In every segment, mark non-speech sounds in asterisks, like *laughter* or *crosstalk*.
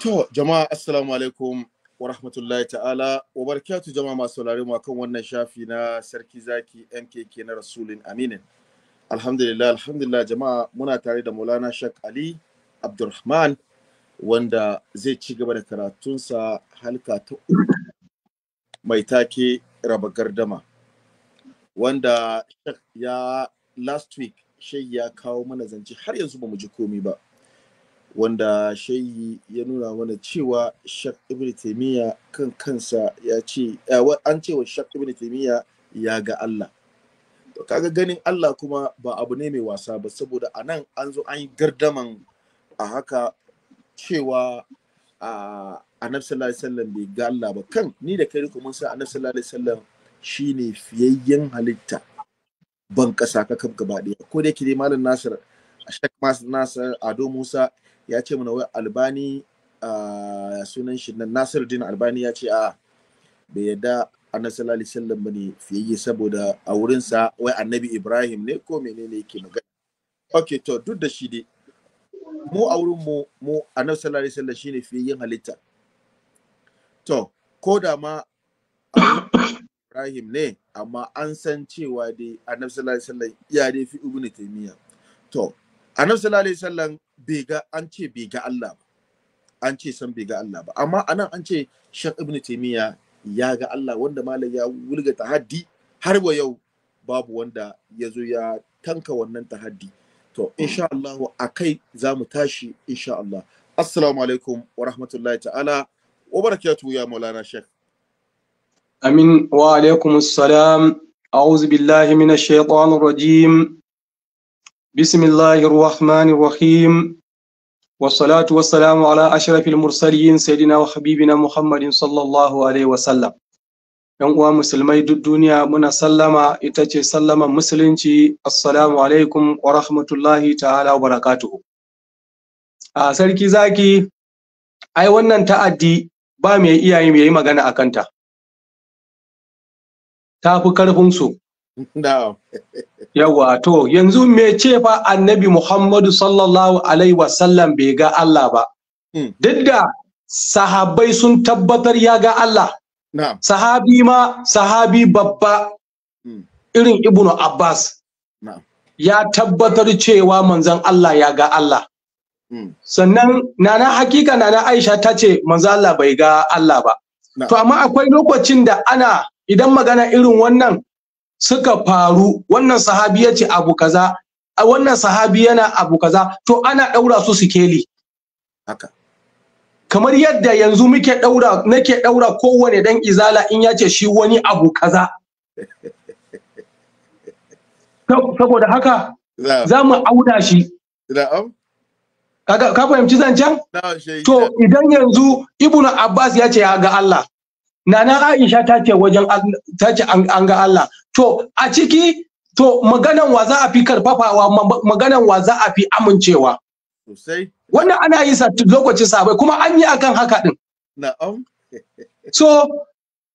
To jama'a assalamu alaikum wa rahmatullahi ta'ala wa barakatu jama'a masu saurare mu kan wannan shafi na sarki zaki MKK na Rasulin Aminin. Alhamdulillah alhamdulillah jama'a muna tare da Maulana Shak Ali Abdulrahman wanda zai ci gaba da karatunsa halka ta mai take raba gardama wanda Shak ya last week shai ya kawo mana zance har yanzu ba mu ji komi ba. wanda shayi ya nuna mana cewa shak ibn taimiyya kan kansa ya ce an cewa shak ibn taimiyya ya ga Allah to kaga ganin Allah kuma ba abu ne mai wasa ba saboda a nan an zo an yi gardaman a haka cewa a annabi sallallahu alaihi wasallam bai ga Allah ba kan ni da kai kuma sai annabi sallallahu alaihi wasallam shine fiyayyen halitta ban kasa ka kam gaba daya ko da yake malam Nasir a shak Nasir Ado Musa ya ce mana wai albani a sunan shi na nasir din albani ya ce a bai yadda annabi sallallahu alaihi wasallam bane fiye saboda a wurin sa wai annabi ibrahim ne ko menene yake magana okay to duk da shi dai mu a wurin mu mu annabi sallallahu alaihi wasallam shine yin halitta to ko da ma *coughs* ibrahim ne amma an san cewa dai annabi sallallahu alaihi wasallam ya dai fi ibnu taymiya to annabi sallallahu alaihi wasallam ga an ce bai ga Allah ba an ce san bai ga Allah ba amma anan an ce shan Ibn taimiyya ya ga Allah wanda malam ya wulga tahaddi har wa yau babu wanda ya zo ya tanka wannan tahaddi to insha Allah akai za mu tashi insha Allah assalamu alaikum wa rahmatullahi ta'ala wa barakatuhu ya maulana Sheikh amin wa alaikum assalam a'udhu billahi minash shaitanir rajim بسم الله الرحمن الرحيم والصلاة والسلام على أشرف المرسلين سيدنا وحبيبنا محمد صلى الله عليه وسلم ‘Yan uwa musulmai duk duniya muna sallama ita ce sallaman musulunci assalamu alaikum wa rahmatullahi ta'ala wa barakatuhu. A sarki zaki, ai wannan ta'addi ba mai iyaye mai yi magana a kanta. Ta fi karfinsu, yawwa to yanzu me ce fa annabi Muhammadu sallallahu Alaihi wasallam bai ga Allah ba. Hmm. Duk da sahabbai sun tabbatar ya ga Allah. Sahabi ma sahabi babba hmm. irin Ibnu Abbas. Ya tabbatar cewa manzan Allah ya ga Allah. Hmm. Sannan nana hakika nana Aisha ta ce manzan Allah bai ga Allah ba. To amma akwai lokacin da ana idan magana irin wannan suka faru wannan sahabi ya ce abu kaza wannan sahabi yana abu kaza to ana daura su sikeli haka kamar yadda yanzu muke daura nake daura kowane dan izala in ya ce shi wani abu kaza saboda haka za mu auna shi ka fahimci zancen? to idan yanzu ibnu abbas ya ce ya ga Allah Nana Aisha ta ce wajen ta ce an ga Allah to a ciki to maganan wa za a fi karfafawa maganan wa za a fi amincewa sosai wannan ana yi lokacin sabai kuma an yi akan haka din na'am *laughs* so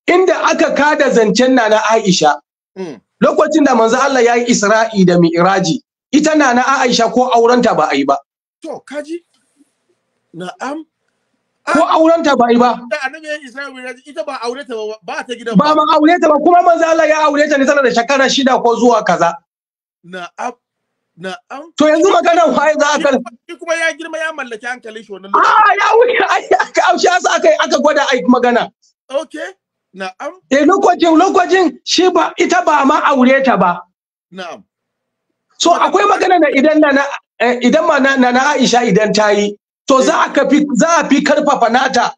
inda aka kada zancen Nana Aisha hmm. lokacin da manzo Allah ya yi Isra'i da Mi'raji ita Nana Aisha ko aurenta ba a yi ba to kaji na'am ko auren ta bai ba ita ba aure ta ba ta gidan ba ma aure ta ba kuma manzo Allah ya aure ta ne tana da shekara shida ko zuwa kaza na'am na'am to yanzu maganar wai za a shi kuma ya girma ya mallaki hankali shi wannan a ah, ya wuce aka aushi asa aka aka gwada ai magana okay na'am eh lokacin lokacin shi ba ita ba ma aure ta ba na'am so akwai magana na idan na eh, idan ma na Aisha idan ta yi to eh. za a kafi za a fi karfafa nata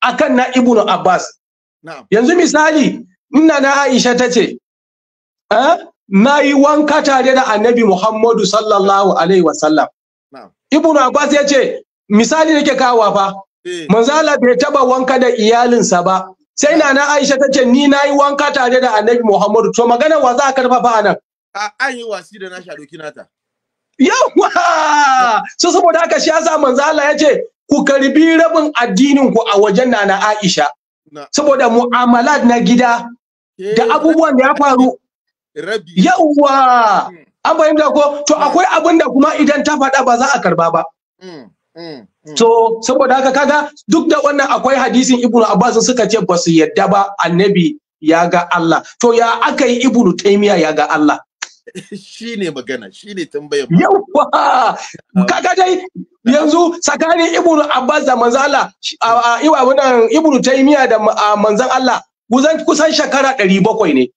akan na ibnu abbas yanzu misali ina na aisha ta ce eh, na yi wanka tare da annabi muhammadu sallallahu alaihi wasallam ibnu abbas ya ce misali nake kawo fa eh. manzala bai taba wanka da iyalinsa ba sai na na aisha ta ce ni na yi wanka tare da annabi muhammadu to magana wa za a karfafa a nan an yi wasi da na shadoki nata yawa so saboda haka shi yasa manzo Allah ya ce ku karbi rabin addinin ku a wajen nana Aisha saboda mu'amalat na gida eh, da abubuwan da ya faru yawa hmm. an fahimta ko to hmm. akwai abin da kuma idan ta faɗa ba za a karba ba hmm, so saboda haka kaga duk da wannan akwai hadisin ibnu abbas suka ce ba su yadda ba annabi ya ga Allah to ya aka yi ibnu taymiya ya ga Allah *laughs* ne magana shine tambayar yauwa ah. kaga dai yanzu tsakanin ibnu abbas da manzo Allah iwa wannan ibnu taymiya da manzan Allah kusan shekara 700 ne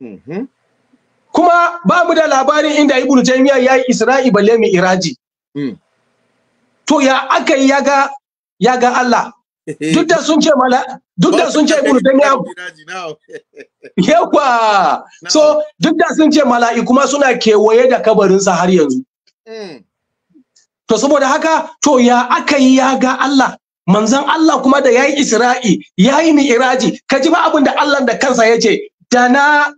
mhm. kuma ba mu da labarin inda ibnu taymiya yayi isra'i balle mai iraji hmm. to ya aka yi yaga Allah *laughs* duk da sun ce mala duk da sun ce ibnu taymiya *laughs* yawa so duk da sun ce mala'i kuma suna kewaye da kabarinsa har yanzu hmm. to saboda haka to ya aka yi ya ga Allah manzon Allah kuma da yayi Isra'i yayi mi'raji ka ji ba abin da Allah da kansa ya ce dana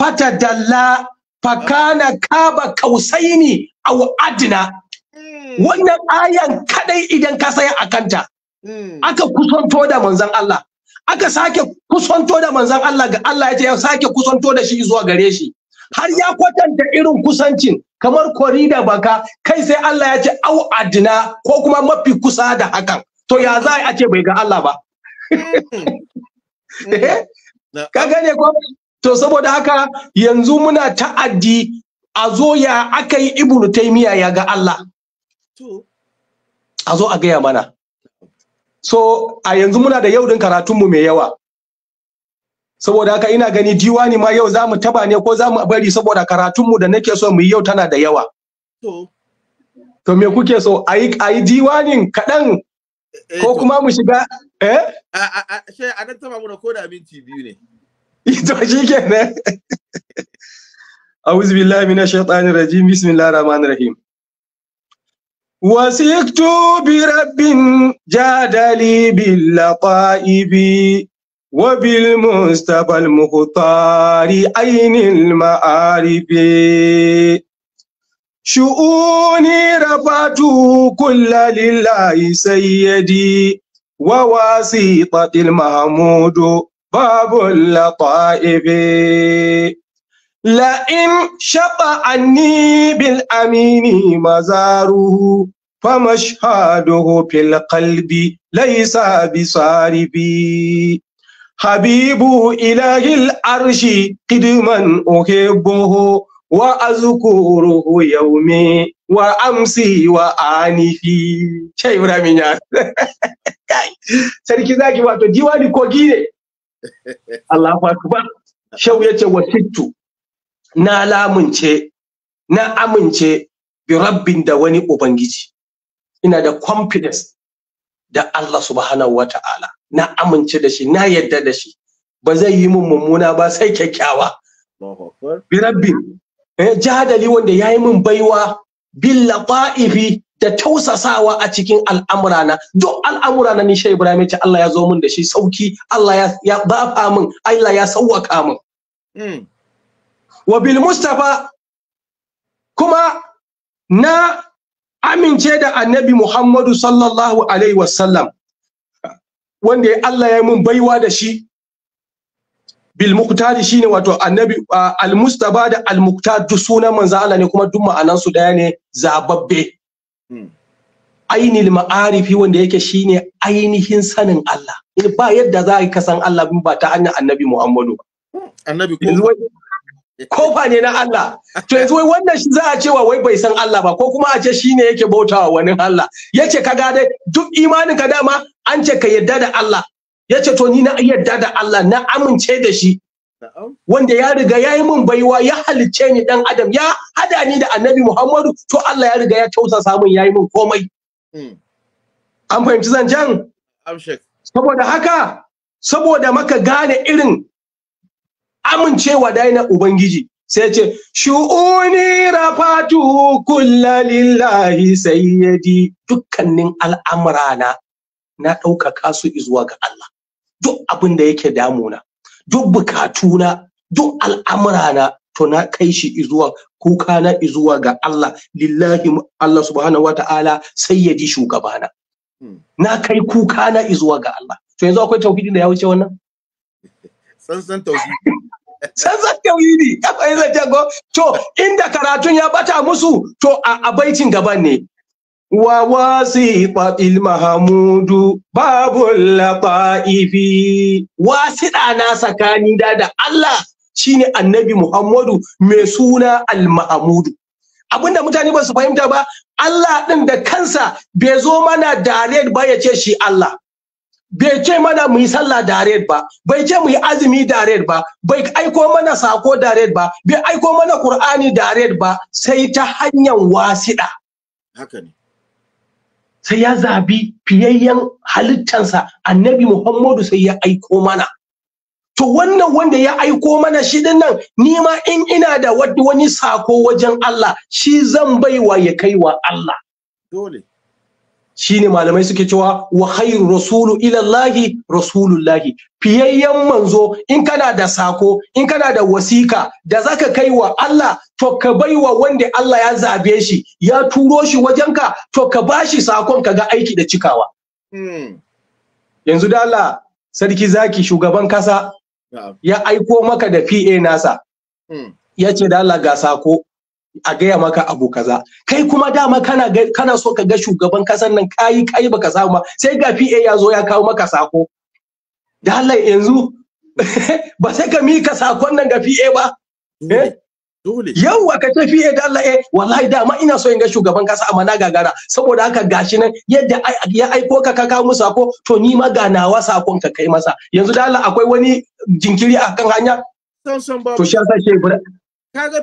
fata dalla fakana ah. kaba kausaini aw adna hmm. wannan ayan kadai idan ka saya akanta hmm. aka kusanto da manzon Allah aka sake kusanto da manzon Allah ga Allah ya ce ya sake kusanto da shi zuwa gare shi har ya kwatanta irin kusancin kamar kori da baka kai sai Allah ya ce au adina ko kuma mafi kusa da hakan to ya za a ce bai ga Allah ba hmm. *laughs* eh? ka gane ko to saboda haka yanzu muna ta'addi a zo ya aka yi ibnu taymiya ya ga Allah a zo a gaya mana so a yanzu muna da yau din karatunmu mai yawa saboda haka ina gani diwani ma yau za mu taba ne ko za mu bari saboda karatunmu da nake so mu yi yau tana da yawa to me kuke so a yi diwanin kaɗan eh, eh, ko kuma mu shiga eh a nan taba mu ko da minti biyu ne *laughs* to shi kenan auzu *laughs* billahi minash shaitanir rajim bismillahir rahmanir rahim وسكت برب جادلي باللطائب وبالمصطفى المختار عين المآرب شؤوني رفعت كل لله سيدي وواسطة المحمود باب اللطائف la’in shaɓa annibin amini mazaruhu famashhaduhu fil qalbi laisa bisaribi habibu ilahil arshi qidman uhibbuhu wa azkuruhu yawmi wa amsi wa anifi sai ibrahim ya sarki zaki wato diwani kogi ne allahu akbar shau yace wa tittu na lamunce na amince bi rabbin da wani ubangiji ina da confidence da Allah subhanahu Wata'ala na amince da shi na yadda da shi ba zai yi min mummuna ba sai kyakkyawa bi rabbin eh, jahadali wanda ya yi min baiwa bil lata'ifi da tausasawa a cikin al'amurana duk al'amurana ni shai ibrahim ce Allah ya zo min da shi sauki Allah ya bafa min Allah ya sauwaka min hmm. wa bil mustafa kuma na amince da annabi muhammadu sallallahu alaihi wasallam wanda ya Allah ya mun baiwa da shi bil muqtadi shine wato annabi al mustafa da al muqtad duk sunan manzo Allah ne kuma duk ma'anan su daya ne zababbe hmm. ainil ma'arifi wanda yake shine ainihin sanin Allah eh, ba yadda za ka san Allah ba ta hanyar annabi Muhammadu annabi ko kofa ne na Allah to yanzu wai wannan shi za a cewa wai bai san Allah ba ko kuma a ce shine yake bautawa wani Allah yace kaga dai duk imanin ka dama an ce ka yadda da Allah yace to ni na yadda da Allah na amince da shi wanda ya riga ya yi min baiwa ya halicce ni dan adam ya hada ni da annabi Muhammadu to Allah ya riga ya tausasa samun ya yi min komai hmm. an fahimci zancen saboda haka saboda maka gane irin amincewa da na ubangiji sai ce shu'uni rafatu kulla lillahi sayyidi dukkanin al'amurana na ɗaukaka su izuwa ga Allah duk abin da yake damuna duk bukatuna duk al'amurana to na kai shi zuwa kuka na zuwa ga Allah lillahi Allah subhanahu wata'ala sayyidi shugabana hmm. na kai kuka na zuwa ga Allah to yanzu akwai tauhidin da ya wuce wannan sansan tauhidi sansan tauhidi yin zai go to inda karatun ya bata musu to a abaitin gaban ne wa wasiqa il mahamudu babul laqaifi wasida na sakani da da Allah shine annabi Muhammadu mai suna al-mahamudu abinda mutane ba su fahimta ba Allah din da kansa bai zo mana direct ba ya ce shi Allah bai ce mana mu yi sallah red ba bai ce mu yi azumi red ba bai aiko mana sako da red ba bai aiko mana qur'ani red ba sai ta hanyar wasiɗa haka ne sai ya zabi fiyayyen halittansa annabi muhammadu sai ya aiko mana to wannan wanda ya aiko mana shi din nan ni ma in ina da wani sako wajen Allah shi zan baiwa ya kai wa Allah dole shine malamai suke cewa wa khairu rasulu ilallahi rasulullahi fiyayyen manzo in kana da sako in kana da wasika da zaka kai wa Allah to ka baiwa wanda Allah ya zabe shi ya turo shi wajenka to ka bashi sakon ka ga aiki da cikawa hmm. yanzu da Allah sarki zaki shugaban kasa ya aiko maka da PA nasa hmm. ya ce da Allah ga sako a gaya maka abu kaza kai kuma dama kana kana so ka ga shugaban kasar nan kayi kai baka samu sai ga PA ya zo ya kawo maka sako da Allah yanzu *laughs* ba sai ka mika sakon nan ga PA ba dole eh? yau aka ce PA da Allah eh wallahi dama ina so in ga shugaban kasa amma na gagara saboda haka gashi nan yadda ya aiko ka ka kawo musa ko to ni ma ga nawa sakon ka kai masa yanzu da Allah akwai wani jinkiri akan hanya to shi yasa shi kaga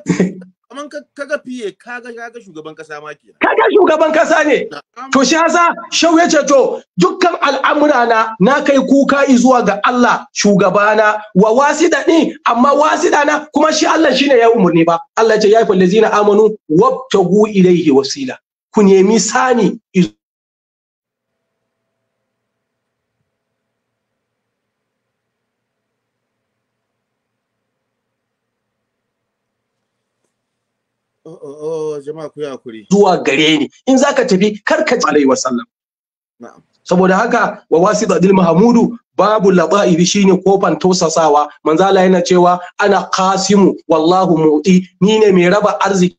kaman kaga fiye kaga kaga shugaban kasa ma kenan kaga shugaban kasa ne to shi yasa shau ya ce to dukkan al'amura na na kai kuka zuwa ga Allah shugabana wa wasida ni amma wasida na kuma shi Allah shine ya umurni ba Allah ya ce ya fa lazina amanu wabtagu ilaihi wasila ku nemi sani Oh, jama'a ku hakuri zuwa gare ni in zaka tafi kar ka alaihi wasallam saboda haka wa wasit adil mahmudu babu lada'ibi shine kofan tosasawa manzala yana cewa ana qasimu wallahu mu'ti ni ne mai raba arziki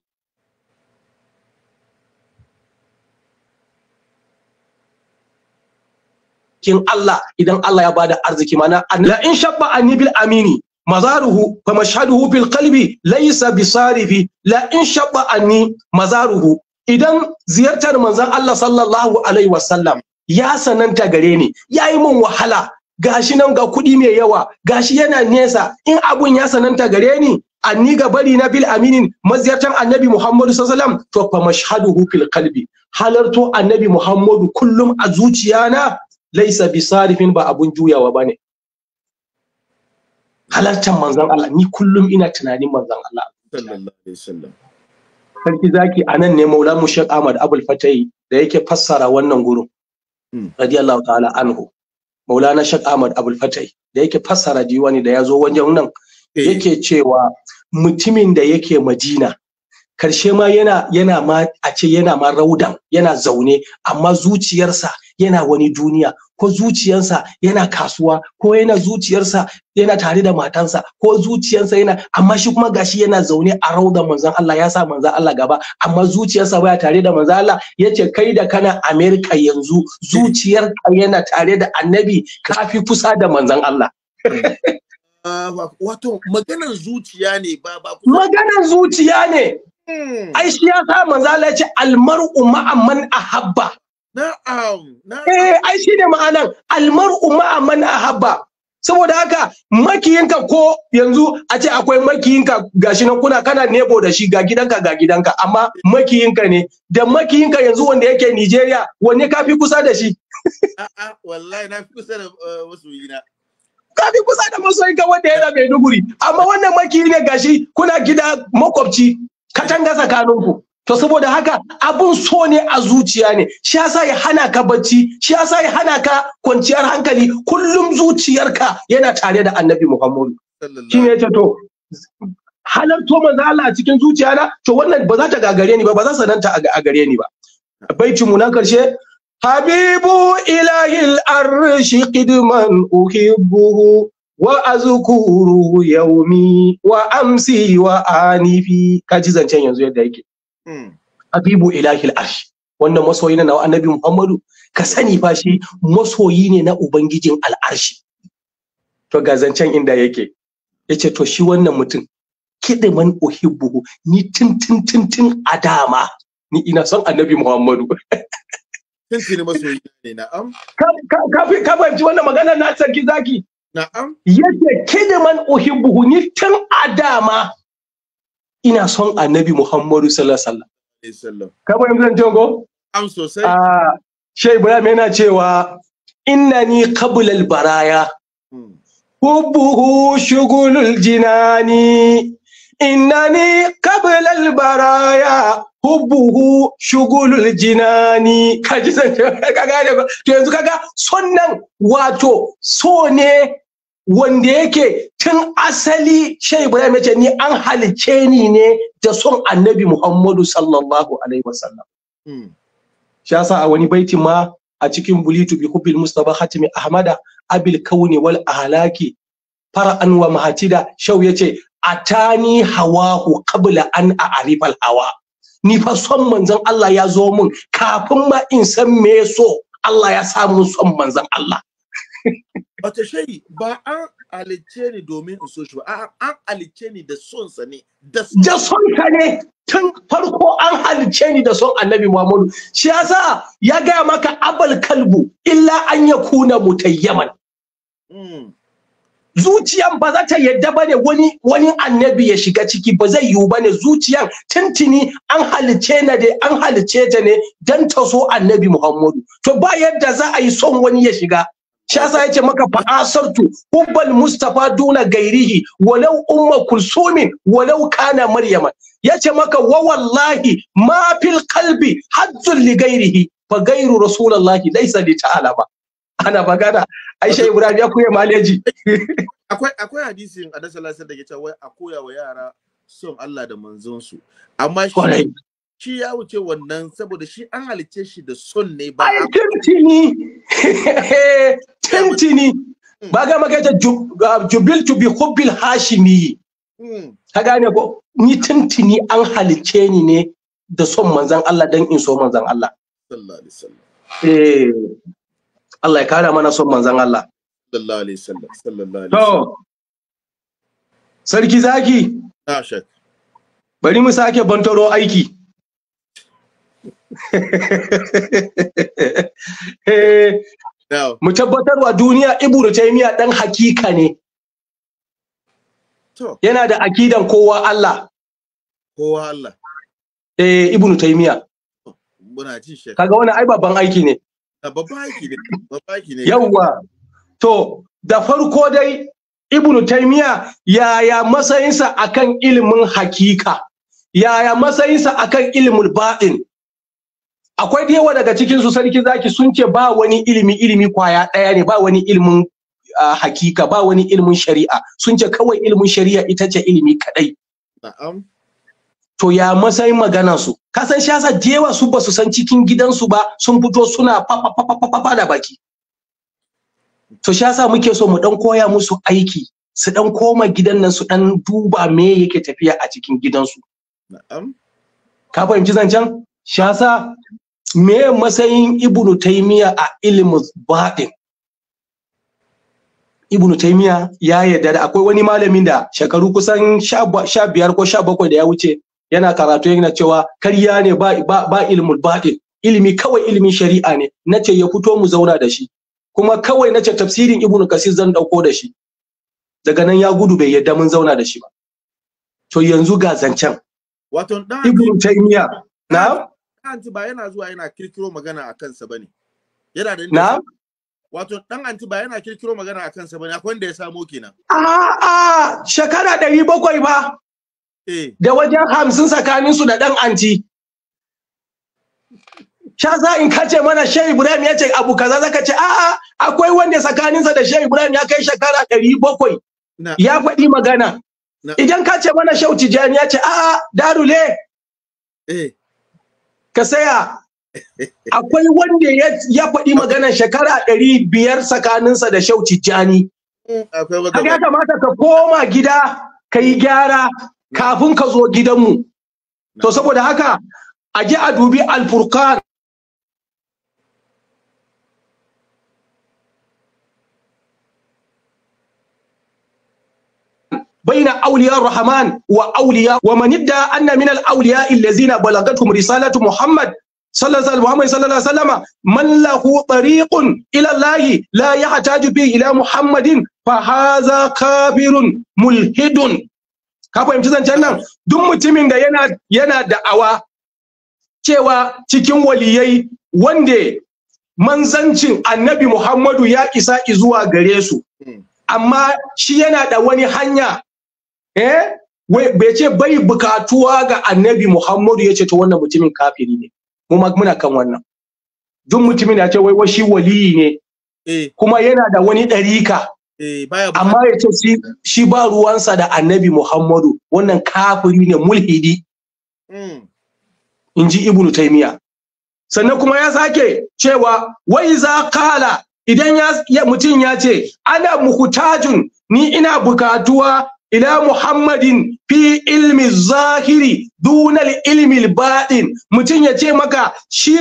arzikin Allah idan Allah ya bada arziki mana la in shabba anni bil amini mazaruhu fa mashhaduhu fil qalbi laysa sarifi la in shabba anni mazaruhu idan ziyartar manzon Allah sallallahu alaihi wasallam ya sananta gare ni yayi min wahala gashi nan ga kuɗi mai yawa gashi yana nesa in abun ya sananta gare ni anni ga bari na bil aminin maziyartan annabi muhammadu Sallallahu Alaihi sallam to fa mashhaduhu fil qalbi halarto annabi muhammadu kullum a zuciya na laisa bi sarifin ba abun juyawa bane halartar manzan Allah ni kullum ina tunanin manzan Allah sarki zaki nan ne mu Sheikh Ahmad Abul Fatai da yake fassara wannan gurin hmm. radiyallahu ta'ala anhu maulana shek Ahmad Abul Fatai da yake fassara diwani da ya zo wajen nan eh. yake cewa mutumin da yake Madina karshe ma yana yana ma a ce yana ma raudan yana zaune amma zuciyarsa yana wani duniya ko zuciyarsa yana kasuwa ko yana zuciyarsa yana tare da matansa ko zuciyarsa yana amma shi kuma gashi yana zaune a raudan manzon Allah ya sa manzon Allah gaba amma zuciyarsa baya tare da manzon Allah yace kai da kana America yanzu zuciyarka yana tare da annabi kafi kusa da manzon Allah *laughs* wato maganar zuciya ne ba ba maganar zuciya ne ai shi ya sa manzo Allah ya ce almar'u ma'a man ahabba na'am eh ai shi ne ma'anan almar'u ma'a man ahabba saboda haka makiyinka ko yanzu a ce akwai makiyinka gashi nan kuna kana nebo da shi ga gidanka ga gidanka amma makiyinka ne da makiyinka yanzu wanda yake Nigeria wanne ka fi kusa da shi a'a wallahi na fi kusa da eh, masoyina ka fi kusa da masoyinka wanda yana Maiduguri amma wannan makiyi ne gashi kuna gida makwabci katanga ku to saboda haka abun so ne a zuciya ne shi yasa ya hana ka bacci shi yasa ya hana ka kwanciyar hankali kullum zuciyarka yana tare da annabi muhammadu shi ne to halarto manzo Allah a cikin zuciya na? to wannan ba za ta gagare ni ba ba za sananta a gare ni ba baiti mu na karshe habibu ilahil arshi qidman uhibbuhu Wa وأذكره يومي وأمسي وآنفي كاجي zancen yanzu yadda yake حبيب إله العرش wannan masoyi na annabi Muhammadu ka sani fa shi masoyi ne na ubangijin al'arshi to ga zancen inda yake yace to shi wannan mutum kidiman uhibbuhu ni tin tin tin tin a dama ni ina son annabi Muhammadu Tinki ne masoyi ne na'am ka ka ka fahimci wannan magana na sarki zaki Na'am. Yace kidiman uhibbuhu ni tun a dama ina son Annabi Muhammadu sallallahu alaihi wasallam. Ka fahimta jango? Am sosai. Ah, Sheikh Ibrahim yana cewa innani qabla al-baraya. Hmm. Hubbuhu shughulul jinani. إنني قبل البرايا hubbuhu shugulul jinani kaji san *laughs* ka gane ba to yanzu kaga sunnan wato so ne wanda yake tun asali shai ibrahim ya ce ni an halicce ni ne da son annabi muhammadu sallallahu alaihi wasallam hmm. shi yasa a wani baiti ma a cikin bulitu bi hubbil mustafa hatimi ahmada abil kauni wal ahlaki fara'an wa mahatida shau yace atani hawahu qabla an a'rifal hawa ni fa son manzon Allah ya zo mun, kafin ma in san me so Allah ya samu son manzon Allah *laughs* Wata shayi ba an alice ni domin in so shi ba, an alice ni da son sa ne. Da son ka ne tun farko an halice ni da son annabi Muhammadu. Shi yasa ya gaya maka abal kalbu illa an ya kuna mutayyaman. Hmm. zuciyan ba za ta yadda bane wani wani annabi ya shiga ciki ba zai yiwu bane zuciyan tintini an halice na dai an halice ta ne dan ta so annabi Muhammadu to ba yadda za a yi son wani ya shiga shasa yace maka fa'asartu hubbal mustafa duna gairihi walau umma kulsumin walau kana maryama yace maka wa wallahi ma fil qalbi li gairihi fa gairu rasulullahi laysa li ta'ala ba ana magana ai shehu ibrahim ya koya maleji akwai akwai in annabi sallallahu alaihi wasallam da ke cewa a koya wa yara son Allah da manzon su amma shi shi ya wuce wannan saboda shi an halice shi da son ne ba ai tintini *laughs* tintini mm. ba ga ta jubil to bi hubbil hashimi mm. ka gane ko ni tintini an halice ni ne da son manzon Allah dan in so manzon Allah sallallahu alaihi wasallam eh Allah ya kare mana son manzon Allah sallallahu alaihi wasallam sallallahu alaihi wasallam sarki zaki na bari mu sake bantaro aiki *laughs* eh, mu tabbatar wa duniya ibu da taimiya dan hakika ne yana da akidan kowa Allah kowa Allah eh ibnu taimiya muna ji shi kaga wannan ai babban aiki ne Yawwa, to da farko dai Ibn Taymiya yaya matsayinsa akan ilimin hakika, yaya matsayinsa akan ilimin ba'in, Akwai da yawa daga cikinsu sarki zaki sun ce ba wani ilimi ilimi kwaya ɗaya ne, ba wani ilimin hakika, ba wani ilimin shari'a. Sun ce kawai ilimin shari'a ita ce ilimi kaɗai. Na'am. To ya matsayin magana su? ka san shi yasa jewa su ba su san cikin gidansu ba sun fito suna fafafafafafa da baki to shi yasa muke so mu dan koya musu aiki su dan koma gidan nan su dan duba me yake tafiya a cikin gidansu ka fahimci zancen shi yasa me matsayin ibnu taymiya a ilimin baɗin ibnu taymiya ya yarda da akwai wani malamin da shekaru kusan sha biyar ko sha bakwai da ya wuce yana karatu yana cewa karya ne ba ba, ilmul batin ilimi kawai ilimin shari'a ne nace ya fito mu zauna da shi kuma kawai nace tafsirin ibnu kasir zan dauko da shi daga nan ya gudu bai yadda mun zauna da shi ba to yanzu ga zancen wato dan ibnu taymiya na anti ba yana zuwa yana kirkiro magana a kansa bane yana da na wato dan anti ba yana kirkiro magana a kansa bane akwai wanda ya samo kenan a a shekara 700 ba Eh. da wajen hamsin tsakaninsu da ɗan anti sha za in kace mana shehu ibrahim ya ce abu kaza zaka ce a'a akwai wanda tsakaninsa da shehu ibrahim ya kai shekara ɗari bakwai ya faɗi magana idan ka ce mana shehu Tijani ya ce a'a darule eh. ka saya akwai wanda ya faɗi magana shekara ɗari biyar tsakaninsa da Tijani. tijjani. Hmm, ya kamata ka koma gida ka yi gyara kafin ka zo gidanmu to saboda haka a ji a dubi alfurkan بين أولياء الرحمن وأولياء ومن ادعى أن من الأولياء الذين بلغتهم رسالة محمد صلى الله عليه صلى الله عليه وسلم من له طريق إلى الله لا يحتاج به إلى محمد فهذا كافر ملحد ka fahimci zancen nan duk mutumin da yana yana da'awa cewa cikin waliyai wanda manzancin annabi Muhammadu ya isa zuwa gare su hmm. amma shi yana da wani hanya eh bai ce bai bukatuwa ga annabi Muhammadu ya ce to wannan mutumin kafiri ne muna kan wannan duk mutumin ya ce wai shi waliyi ne eh. kuma yana da wani ɗarika Eh, amma ya ce shi ba ruwansa da annabi muhammadu wannan kafiri ne mulhidi hmm. in ji ibnu taimiya sannan kuma ya sake cewa wai za kala idan mutum ya ce ana muhtajun ni ina bukatuwa ila muhammadin fi ilmi zahiri dunal ilmi baɗin mutum ya ce maka shi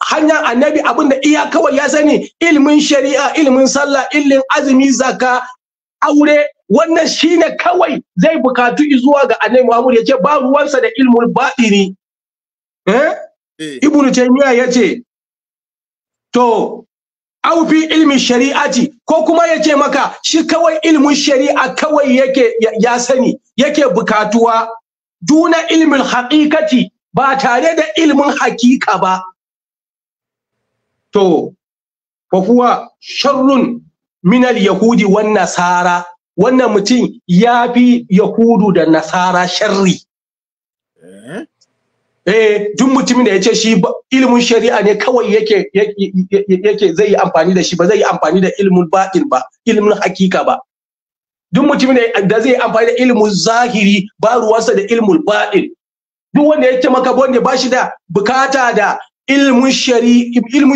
hanyar annabi abin da iya kawai ya sani ilmin shari'a ilmin sallah ilimin azumi zaka aure wannan shine kawai zai bukatu zuwa ga annabi Muhammad ya ce ba ruwansa da ilmul batini eh, eh. ibnu taymiya ya ce to au fi ilmin shari'ati ko kuma yake maka shi kawai ilmin shari'a kawai yake ya sani yake bukatuwa duna ilmin haqiqati ba tare da ilmin hakika ba to fa sharrun min al-yahudi wan nasara wannan mutum ya fi yahudu da nasara sharri eh, eh duk mutumin da ya ce shi ilimin shari'a ne kawai yake yake zai yi amfani da shi ba zai yi amfani da ilimin batin ba ilimin hakika ba duk mutumin da zai yi amfani da ilimin zahiri ba ruwansa da ilimin batin duk wanda ya ce maka wanda ba shi da bukata da ilmin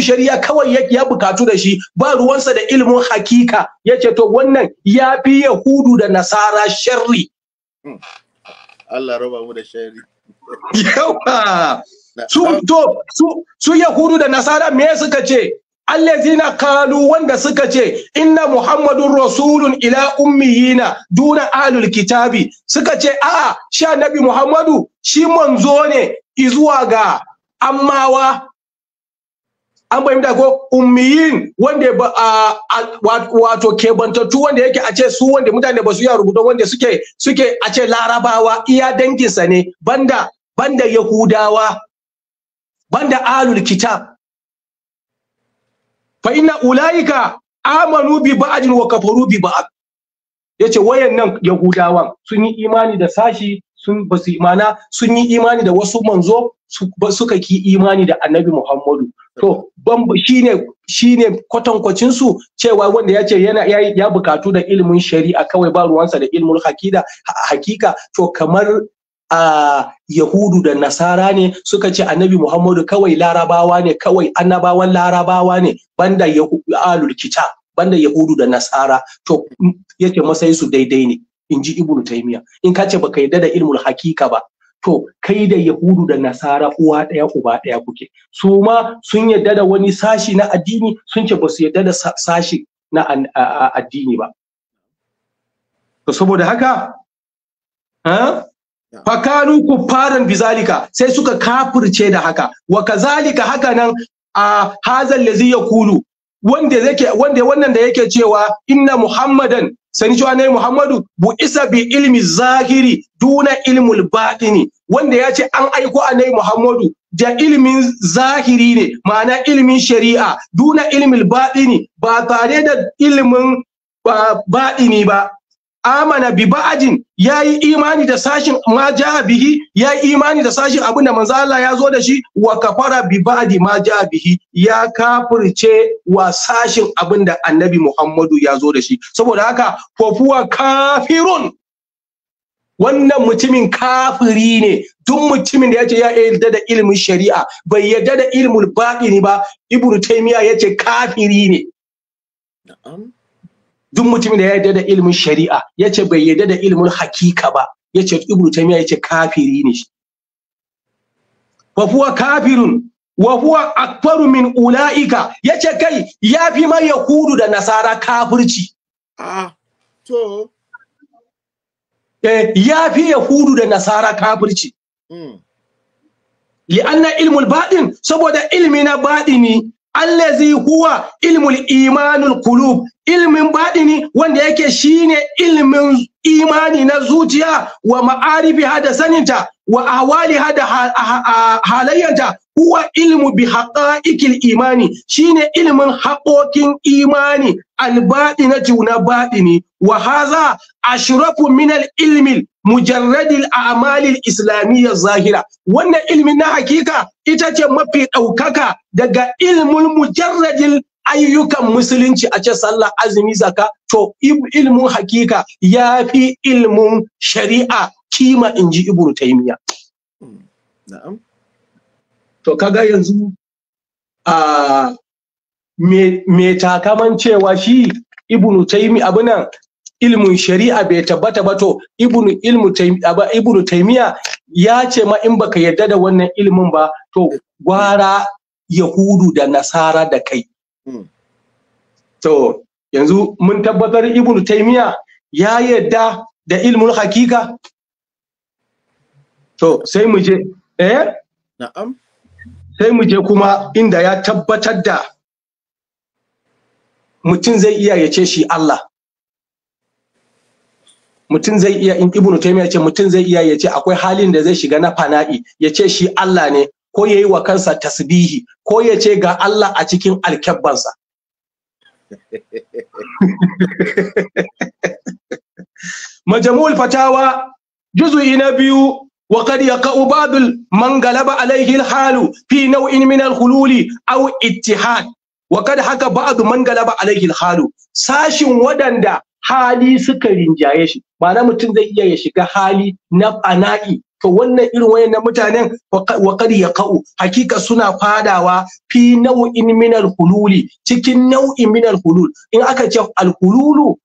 shari'a kawai ya bukatu da shi ba ruwansa da ilmin hakika yace to wannan ya fi yahudu da nasara sharri Allah raba mu da sharri yawa su to su su yahudu da nasara me suka ce allazina kalu wanda suka ce inna muhammadun rasulun ila ummiyina duna alul kitabi suka ce a'a sha nabi muhammadu shi manzo ne izuwa ga ammawa an fahimta ko ummiyin wanda ba wato kebantattu wanda yake a ce su wanda mutane ba su iya rubuta wanda suke suke a ce larabawa iya danginsa ne banda banda yahudawa banda alul kitab fa inna ulaika amanu bi ba'din wa kafaru bi ba'd yace wayannan yahudawan sun yi imani da sashi sun ba su imana sun yi imani da wasu manzo suka ki imani da annabi muhammadu to shine shine kwatankwacin su cewa wanda ya ce ya, bukatu da ilimin shari'a kawai ba ruwansa da ilimin hakida hakika to kamar a Yahudu da Nasara ne suka ce annabi Muhammadu kawai larabawa ne kawai annabawan larabawa ne banda alul kita banda Yahudu da Nasara to yake masai su daidai ne in ji ibnu taimiya in ka ce baka yadda da ilmul hakika ba to kai da yahudu da nasara uwa ɗaya uba ɗaya kuke su ma sun yadda da wani sashi na addini sun ce ba su yadda da sashi na addini ba to saboda haka fakanu kuffaran bizalika sai suka kafirce da haka wa kazalika haka nan a hazal lazi yakulu wanda yake wanda wannan da yake cewa inna muhammadan sani cewa ne muhammadu bu isa bi ilmi zahiri duna ilmul batini wanda ya ce an aiko a nai muhammadu da ilmin zahiri ne ma'ana ilmin shari'a duna ilmul batini ba tare da ilmin baɗini ba amana bi ba'adin yayi imani da sashin ma ja'a bihi yayi imani da sashin abin da manzo Allah ya zo da shi wa kafara bi ba'di ma ja'a bihi ya kafirce wa sashin abinda annabi Muhammadu ya zo da shi saboda haka fofuwa kafirun wannan mutumin kafiri ne duk mutumin da yace ya yarda da ilimin shari'a bai yarda da ilimin baɗini ba ibnu taymiya yace kafiri ne na'am duk mutumin da ya yarda da ilimin shari'a ya ce bai yarda da ilimin hakika ba ya ce ibnu taymiya ya ce kafiri ne wa huwa kafirun wa huwa akbaru min ulaika ya ce kai ya fi ma yahudu da nasara kafirci ah to eh ya fi yahudu da nasara kafirci hmm. anna ilmul baɗin saboda ilmi na ne. allazi huwa ilmul imanul qulub ilmin baɗini wanda yake shine ilmin imani na zuciya wa ma'arifi hada saninta wa awali hada halayyanta huwa ilmu bi haqa'iqil imani shine ilmin haƙoƙin imani albaɗinati na ne, wa haza ashrafu min al-ilmi mujarradil a'malil islamiyya zahira wannan ilmi na hakika ita ce mafi ɗaukaka daga ilmul mujarradil ayyukan musulunci a ce sallah azumi zaka to ilmin hakika ya fi ilmin shari'a kima inji ibnu taymiya na'am to kaga yanzu a me takaman cewa shi ibnu taimi abinan ilmin shari'a bai tabbata ba to ibnu taimiya ya ce ma in baka yadda da wannan ilmin ba to gwara yahudu da nasara da kai hmm. to yanzu mun tabbatar ibnu taimiya ya yadda da ilmin hakika to sai mu je eh na'am sai mu je kuma inda ya tabbatar da mutum zai iya ya ce shi Allah mutum zai iya in ibnu taymiya ce mutum zai iya ya ce akwai halin da zai shiga na fana'i ya ce shi Allah ne ko yayi wa kansa tasbihi ko ya ce ga Allah a cikin alkebbansa *laughs* majmu'ul fatawa juzu'i na biyu وقد يقع بعض من غلب عليه الحال في نوع من الخلول أو اتحاد وقد حكى بعض من غلب عليه الحال ساشن ودندا hali suka rinjaye shi ma'ana mutum zai iya ya shiga hali na bana'i to wannan irin na mutanen waƙar ya ka'u hakika suna fadawa fi nau'in minal hululi cikin nau'in minar hulul in aka ce alhululu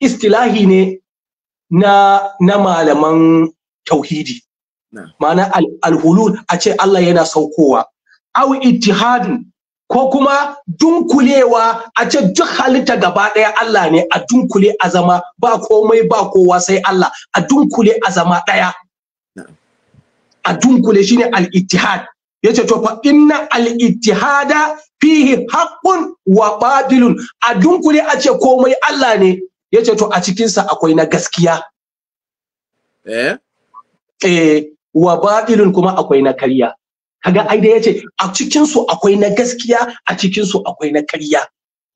istilahi ne na na malaman tauhidi ma'ana alhulul a ce Allah yana saukowa au ittihadin ko kuma dunkulewa a ce duk halitta gaba ɗaya Allah ne a dunkule a zama ba komai ba kowa sai Allah a dunkule a zama ɗaya a dunkule shine al-ittihad yace to fa inna al-ittihada fihi haqqun wa batilun a dunkule a ce komai Allah ne yace to a cikin sa akwai na gaskiya eh eh wa batilun kuma akwai na karya kaga ai da yace a cikin su akwai na gaskiya a cikin su akwai na karya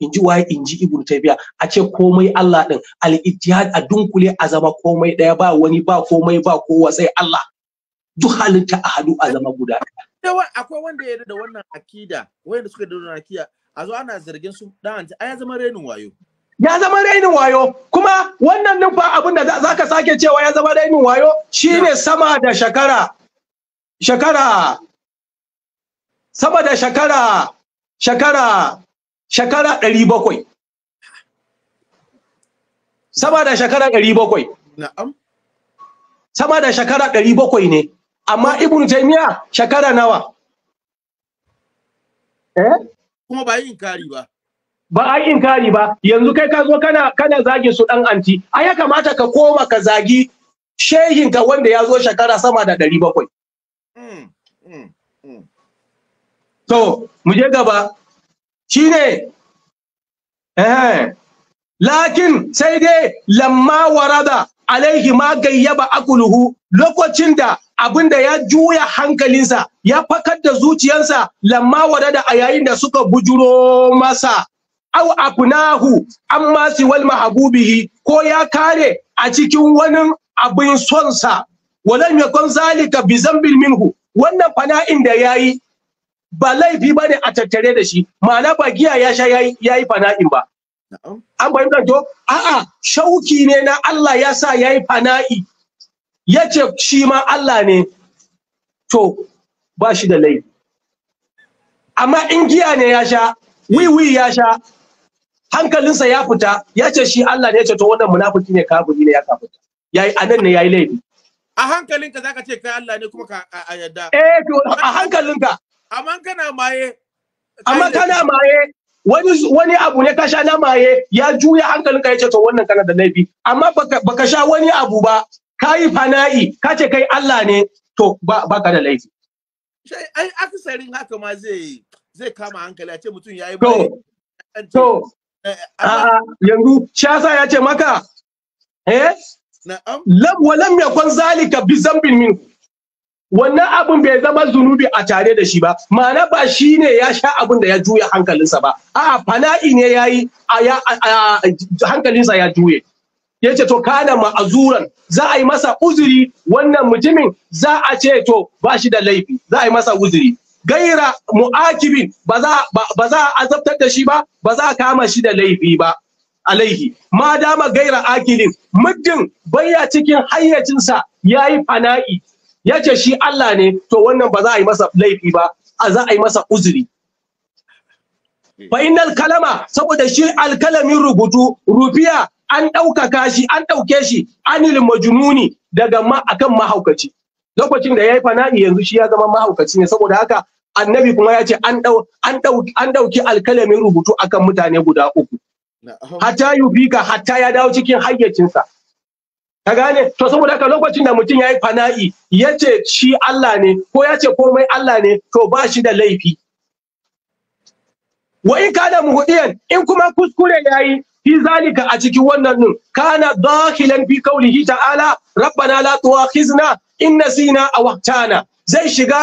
inji waye inji ibn taymiya a ce komai Allah din al ittihad a dunkule a zama komai daya ba wani ba komai ba kowa sai Allah duk halitta a hadu a zama guda akwai wanda ya da wannan akida wanda suka da wannan akida a zo ana zargin su dan ai ya zama renin wayo ya zama rainin wayo kuma wannan din fa abin da za ka sake cewa ya zama rainin wayo shine sama da shakara shakara sama da shakara shakara shakara ɗari bakwai sama da shakara ɗari bakwai na'am sama da shakara ɗari bakwai ne amma ibn taymiya shakara nawa eh kuma ba yin kari ba ba a inkari ba yanzu kai ka zo kana kana zagin su dan anti a ya kamata ka koma ka zagi shehin ka wanda ya zo shekara sama da ɗari bakwai. To, mu je gaba, shi ne, eh, lakin sai dai lamma warada alaihi ma gayyaba akuluhu lokacin da abin da ya juya hankalinsa ya fakar da zuciyarsa lamma warada a yayin da suka bujuro masa aw abnahu amma siwal mahabubihi ko ya kare a cikin wani abin son sa walam yakun zalika bi zambil minhu wannan fana'in da yayi ba laifi bane a tattare da shi ma'ana ba giya ya sha yayi yayi fana'in ba an bayyana to a'a shauki ne na Allah ya sa yayi fana'i yace shi ma Allah ne to ba shi da laifi amma in giya ne ya sha wiwi ya sha hankalinsa ya fita ya ce shi Allah ne ya ce to wannan munafiki ne kafiri ne ya fita yayi anan ne yayi laifi a hankalinka zaka ce kai Allah ne kuma ka yadda eh to a hankalinka amma kana maye amma kana maye wani wani abu ne ka sha na maye ya juya hankalinka ya ce to wannan kana da laifi amma baka, sha wani abu ba kayi fana'i ka ce kai Allah ne to ba baka da laifi ai akasarin haka ma zai zai kama hankali a ce mutum yayi to Eh, a'a yanzu shasa ya ce maka eh lam walam yakun zalika bi zambin min wannan abun bai zama zunubi a tare da shi ba ma'ana ba shi ne ya sha abin da ya juya hankalinsa ba a'a fana'i ne ya yayi hankalinsa ya juye ya ce to kana ma'azuran za a yi masa uzuri wannan mutumin za a ce to ba shi da laifi za a yi masa uzuri gaira mu'akibin ba za ba za a azabtar da shi ba ba za a kama shi da laifi ba alaihi ma dama gaira akilin muddin baya cikin hayyacinsa ya yi fana'i yace shi Allah ne to wannan ba za a yi masa laifi ba a za a yi masa uzuri fa innal kalama saboda shi alkalamin rubutu rufiya an ɗaukaka shi an ɗauke shi anil majnuni daga ma akan mahaukaci lokacin da ya yi fana'i yanzu shi ya zama mahaukaci ne saboda haka annabi kuma ya ce an dau an dau an dauki alkalamin rubutu akan mutane guda uku hatta yubika hatta ya dawo cikin hayyacinsa ka gane to saboda haka lokacin da mutum ya yi fana'i ya ce shi Allah ne ko ya ce komai Allah ne to ba shi da laifi wa in kana muhudiyan in kuma kuskure yayi fi zalika a cikin wannan din kana dakhilan fi qawlihi ta'ala rabbana la tu'akhizna in nasina aw na. zai shiga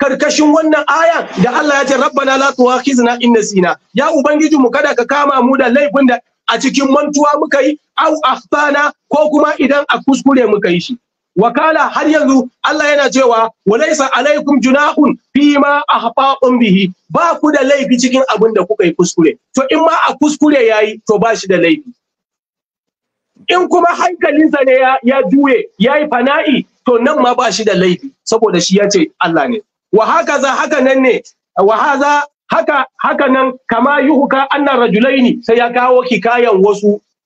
karkashin wannan ayan da Allah ya ce rabbana la tuakhizna in nasina ya ubangiji mu kada ka kama mu da laifin da a cikin mantuwa muka yi au afana ko kuma idan a kuskure muka yi shi wakala har yanzu Allah yana cewa walaysa alaikum junahun fima ahfaqum bihi ba ku da laifi cikin abin da kuka yi kuskure to in ma a kuskure yayi to ba shi da laifi in kuma hankalinsa ne ya juye ya yi fana'i to nan ma ba shi da laifi saboda shi ya ce Allah ne wa haka za haka nan ne wa haza haka haka nan kama yuhuka anna rajulaini sai ya kawo kikayan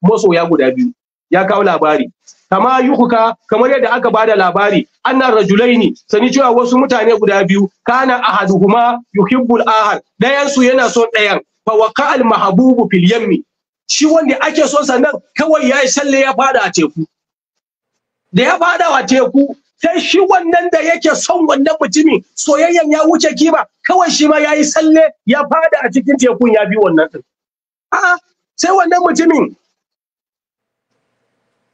wasu ya guda biyu ya kawo labari kama yuhuka kamar yadda aka bada labari anna rajulaini sani cewa wasu mutane guda biyu kana ahaduhuma yuhibbul ahad dayan su yana son dayan fa waqa al mahbubu fil yammi shi wanda ake son sa nan kawai ya salle ya fada a teku da ya fada wa teku sai shi wannan da yake son wannan mutumin soyayyan ya wuce kima kawai shi ma ya yi salle ya fada a cikin tekun ya bi wannan din. a'a sai wannan mutumin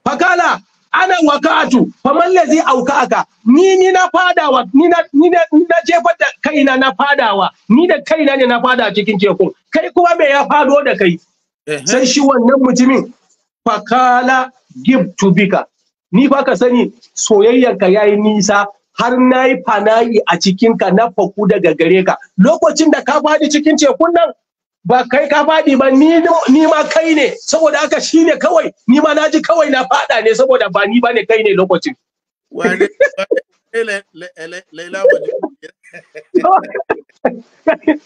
fakala ana waka'atu faman lazi auka aka ni ni na fadawa ni na ni na, na jefar da kaina na fadawa ni da kaina ne na fada cikin tekun kai kuma me ya fado da kai sai shi wannan mutumin fakala gibtu bika ni fa ka sani soyayyarka yayi nisa har na yi fana'i a cikinka na faku daga gare ka lokacin da ka faɗi cikin cekun nan ba kai ka faɗi ba ni ma kai ne saboda haka shi ne kawai ni ma naji kawai na faɗa ne saboda ba ni ba ne kai ne lokacin *laughs*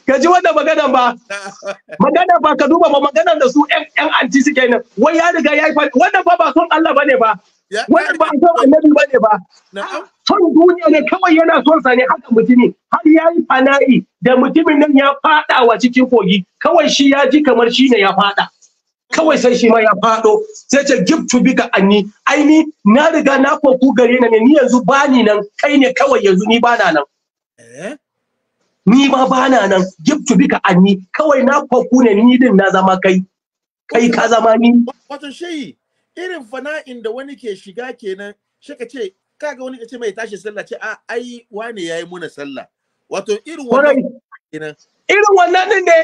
ka ji wannan magana ba magana ba ka duba ba magana da su yan anti suke nan wai ya riga ya yi wannan ba ba son Allah bane ba wani ba san annabi bane ba son duniya ne kawai yana son sa ne haka mutumi har ya yi fana'i da mutumin nan ya fada wa cikin kogi kawai shi ya ji kamar shi ne ya fada kawai sai shi ma ya fado sai ce giftu bika anni aini na riga na koku gare na ne ni yanzu bani nan kai ne kawai yanzu ni bana nan eh? ni ma bana nan giftu bika anni kawai na koku ne ni din na zama kai kai ka zama ni wato irin fana'in da wani ke shiga kenan shi ka ce kaga wani ka ce mai tashi sallah ce a ah, ai wane yayi muna sallah wato irin wannan kenan irin wannan din ne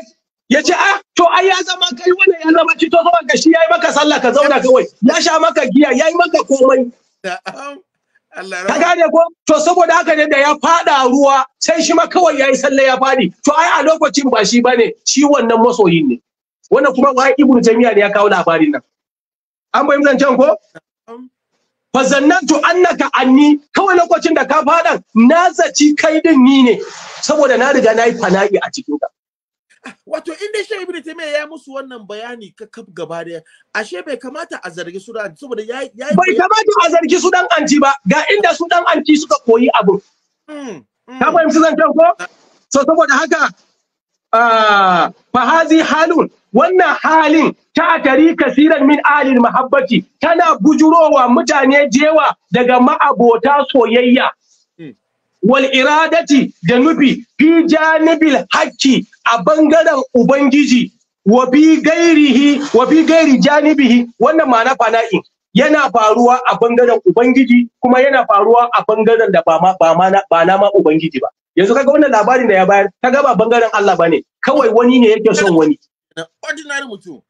ya ce a, ah, to ai ya zama kai wani ya zama ci to zama ka shi yayi maka sallah ka zauna kawai ya sha maka giya yayi maka komai ka gane ko to saboda haka ne da ya fada ruwa sai shi ma kawai yayi sallah ya fadi to ai a lokacin ba shi bane shi wannan masoyin ne wannan kuma wai ibnu jami'a ne ya kawo labarin nan an bai can ko fa zannantu annaka anni kawai lokacin da ka fadan na zaci kai din ni ne saboda na riga nayi fana'i a cikin ka wato inda shi Ibn taymiya ya musu wannan bayani ka kaf gaba da ashe bai kamata a zargi su dan saboda yayi bai kamata a zargi su dan anti ba ga inda su dan anti suka koyi abu hmm, hmm. ka fahimci zancen ko so saboda haka ah, fa hazi halun wannan halin ta atari kasiran min alil mahabbati tana bujurowa mutane jewa daga ma'abota soyayya hmm. wal iradati da nufi fi janibil haqqi a bangaren ubangiji wa bi gairihi wa bi gairi janibihi wannan ma'ana fana'in yana faruwa a bangaren ubangiji kuma yana faruwa a bangaren da ba ba ma ba na ma ubangiji ba yanzu kaga wannan labarin da ya bayar kaga ba bangaren Allah bane kawai wani ne yake son wani ordinary mutum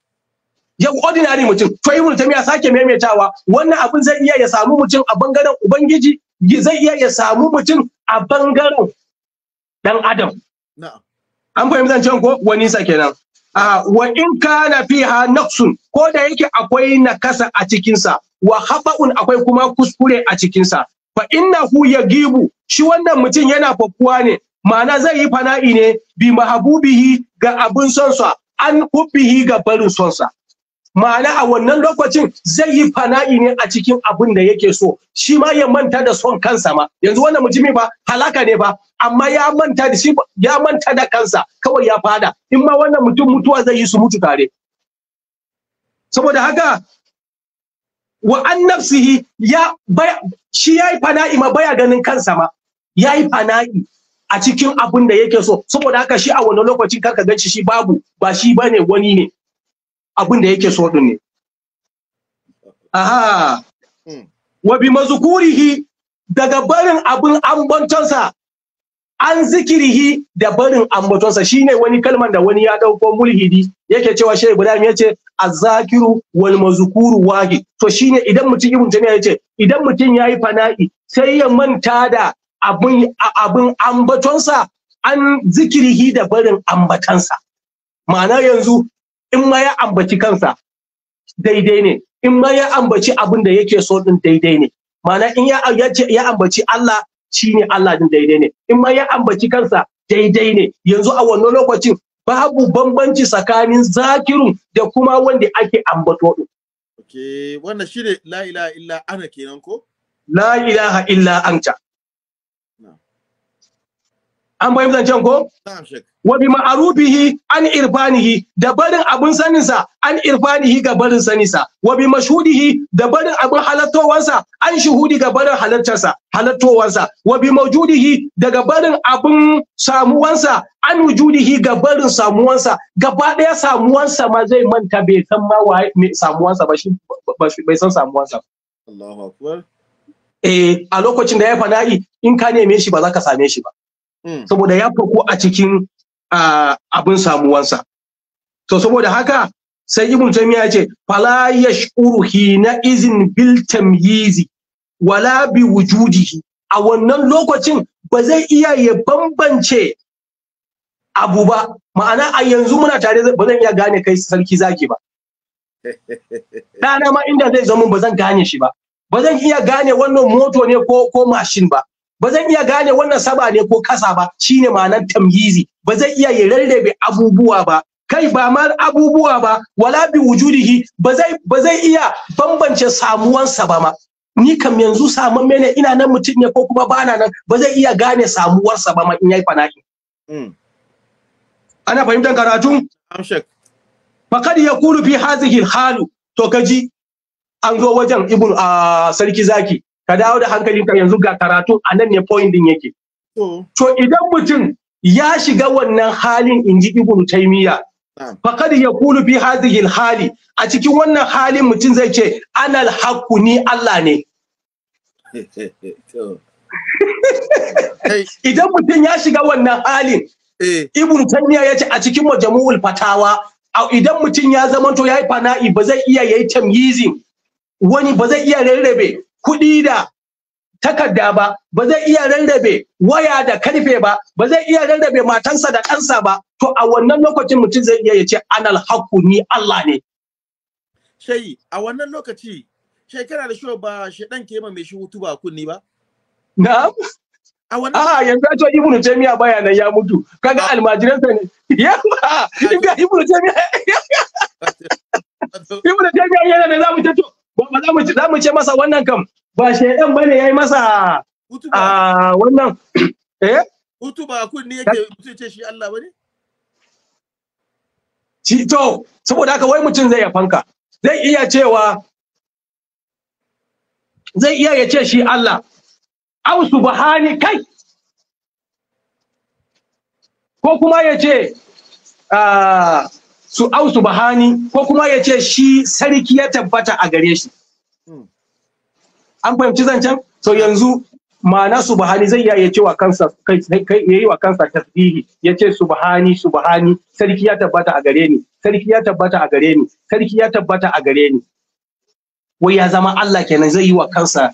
ordinary mutum to ibnu tamiya sake maimaitawa wannan abin zai iya ya samu mutum a bangaren ubangiji zai iya ya samu mutum a bangaren dan adam an fahimci zancen ko wani sa kenan A ah, wa in kana fiha naqsun ko da yake akwai nakasa a cikinsa wa haba'un akwai kuma kuskure a cikinsa fa innahu yagibu shi wannan mutum yana fakuwa ne ma'ana zai yi fana'i ne bi mahabubihi ga abin son sa an hubbihi ga barin sonsa ma'ana a wannan lokacin zai yi fana'i ne a cikin abin da yake so shi ma ya manta da son kansa ma yanzu wannan mutumin ba halaka ne ba amma ya manta da shi ya manta da kansa kawai ya fada in ma wannan mutum mutuwa zai yi su mutu tare saboda haka wa an nafsihi ya shi yayi fana'i ma baya ganin kansa ma yayi fana'i a cikin abin da yake so saboda haka shi a wani lokacin karka ganci shi babu ba shi bane wani ne abin da yake so din ne aha hmm. wa bi mazkurihi daga barin abin ambatonsa an zikirihi da barin ambatonsa shine wani kalman da wani ya dauko mulhidi yake cewa shehu ibrahim yace azzakiru wal mazkuru wahi to shine idan mutum ibn tamiya yace idan mutum yayi fana'i sai ya manta da abin abin ambatonsa an zikirhi da barin ambatansa ma'ana yanzu in ma ya ambaci kansa daidai ne in ma ya ambaci abin da yake so din daidai ne ma'ana in ya ya ambaci Allah shi ne Allah din daidai ne in ma ya ambaci kansa daidai ne yanzu a wannan lokacin babu bambanci tsakanin zakirun da kuma wanda ake ambato din okay wannan shine la ilaha illa ana kenan ko la ilaha illa anta an fahimci can ko wa bi ma'arubihi an irbanihi da barin abun saninsa an irbanihi ga barin saninsa wa bi mashhudihi da barin abun sa an shuhudi ga barin halartarsa halattowansa wa bi mawjudihi daga barin abun samuwansa an wujudihi ga barin samuwansa gaba daya samuwansa ma zai manta bai san ma waye samuwansa ba shi bai san samuwansa Allahu akbar eh a lokacin da ya fada'i in ka neme shi ba za ka same shi ba Mm. saboda ya fako a cikin abin samuwansa to saboda haka sai ibn taymiya ya ce fala yashkuru na izin bil tamyizi wala bi wujudihi a wannan lokacin ba zai iya ya bambance abu ba ma'ana a yanzu muna tare ba zan iya gane kai sarki zaki ba *laughs* ɗana ma inda zai zama ba zan gane shi ba ba zan iya gane wannan moto ne ko mashin ba ba zan iya gane wannan saba ne ko kasa ba shine ma'anar tamyizi ba zan iya ya rarrabe abubuwa ba kai ba ma abubuwa ba wala bi wujudihi ba zai ba zai iya bambance samuwansa ba ma ni kam yanzu samun mene ina nan mutum ne ko kuma bana nan ba zai iya gane samuwarsa ba ma in yayi fanaki. Hmm. ana fahimtar karatun fakad ya fi hazihi halu to kaji an zo wajen ibn ah, sarki zaki ka dawo da hankalinka yanzu ga karatu a nan ne point din yake to idan mutum ya shiga wannan halin inji ibnu taymiya faqad yaqulu fi hadhihi hali a cikin wannan halin mutum zai ce anal haqqu ni Allah ne *laughs* idan mutum ya shiga wannan halin eh. ibn taymiya ya ce a cikin majmu'ul fatawa idan mutum ya zamanto ya yi fana'i ba zai iya yayi tamyizin wani ba zai iya rarrabe kuɗi da takarda ba ba zai iya rarrabe waya da karfe ba ba zai iya rarrabe matansa da ɗansa ba to a wannan lokacin mutum zai iya ya ce anal haku ni Allah ne shayi a wannan lokaci shekara da shi ba shedan ke ma mai shi hutu ba kunni ba na'am a wannan a yanzu to ce ibnu taymiya baya nan ya mutu kaga sa ne ya Ibn taymiya ibnu taymiya yana da zamu ta to ba za mu za mu ce masa wannan kam ba shedan bane yayi masa a wannan *clears throat* eh hutu ba kun ne yake mutum ce shi Allah bane ci to saboda haka wai mutum zai ya fanka zai iya cewa zai iya ya ce shi Allah au subhani kai ko kuma ya ce su ausu bahani ko kuma ya ce shi sarki ya tabbata a gare shi hmm. an fahimci zancen so yanzu ma'ana subhani zai iya cewa kansa kai yayi wa kansa tasbihi yace subhani subhani sarki ya tabbata a gare ni sarki ya tabbata a gare ni sarki ya tabbata a gare ni wai ya zama Allah kenan zai yi wa kansa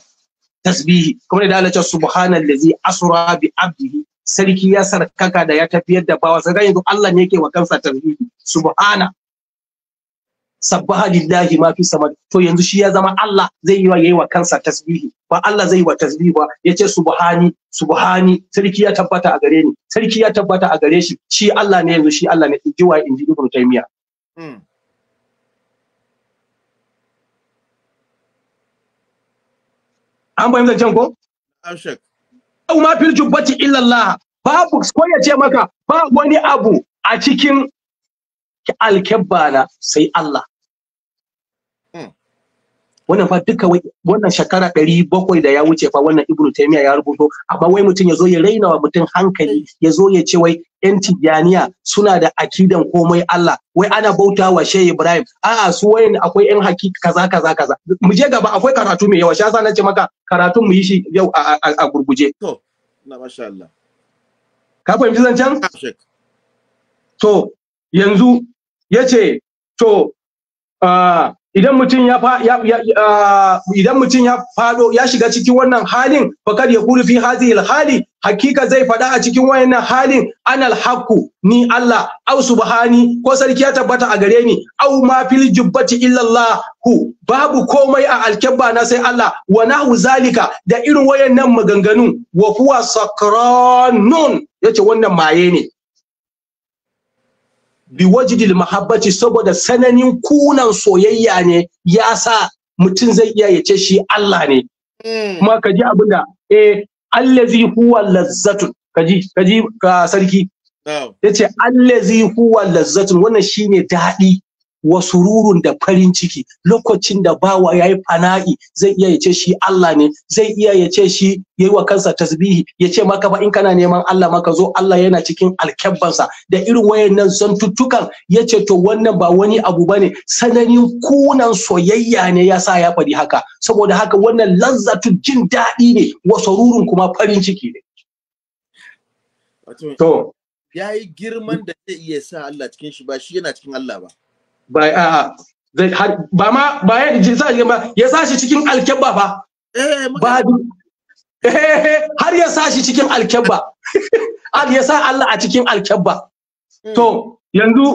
tasbihi kuma da Allah ya ce subhanallazi asra bi abdihi sarki ya sarkaka da ya tafiyar da bawa sai yanzu Allah ne yake wa kansa tarihi subhana sabbaha lillahi ma fi sama to yanzu shi ya zama Allah zai yi wa yayi wa kansa tasbihi ba Allah zai yi wa tasbihi ba yace subhani subhani sarki ya tabbata a gare ni sarki ya tabbata a gare shi shi Allah ne yanzu shi Allah ne inji wa inji ibnu taymiya hmm. an bayyana zancen ko ashek au ma fil jubbati illa Allah babu ko ya ce maka ba wani abu a cikin na, sai Allah hmm. wannan fa duka wannan shekara ɗari bakwai da ya wuce fa wannan ibnu taymiya ya rubuto amma wai mutum ya zo ya raina wa mutum hankali ya zo ya ce wai 'yan tijjaniya suna da akidan komai Allah wai ana bauta wa shehu Ibrahim a'a su wayan akwai 'yan hakika kaza kaza kaza mu je gaba akwai karatu mai yawa shasa na ce maka karatu mu yi shi yau a gurguje to na masha Allah ka fahimci zancen ah, to yanzu yace to uh, idan mutum ya ah, idan mutum ya fado ya shiga cikin wannan halin fakad ya kulu fi hadhihi hali hakika zai fada a cikin wayannan halin ana haqqu ni Allah Au subhani ko sarki ya tabbata a gare ni au ma fil jubbati illa Allah hu babu komai a alkebba na sai Allah wa nahu zalika da irin wayannan maganganun wa huwa sakranun yace wannan maye ne bi wajidil mahabbati saboda sananin kunan soyayya ne ya sa mutum zai iya ya ce shi Allah ne hmm. kuma ka abinda eh allazi huwa lazzatun kaji kaji ka sarki yace allazi huwa lazzatun wannan shine daɗi wa sururun da farin ciki lokacin da bawa ya yi fana'i zai iya ya ce shi Allah ne zai iya ya ce shi ya yi wa kansa tasbihi ya ce maka ba in kana neman Allah maka zo Allah yana cikin sa da irin wayannan zantuttukan ya ce to wannan ba wani abu bane sananin kunan soyayya ne ya sa ya faɗi haka saboda haka wannan lazzatu jin daɗi ne wa sururun kuma farin ciki ne to ya yi girman da zai iya sa Allah cikin shi ba shi yana cikin Allah ba ba ma ba ya sa ba ya sa shi cikin alkebba eh, ba eh, har ya sa shi cikin alkebba *laughs* har ya sa Allah a cikin alkebba hmm. to yanzu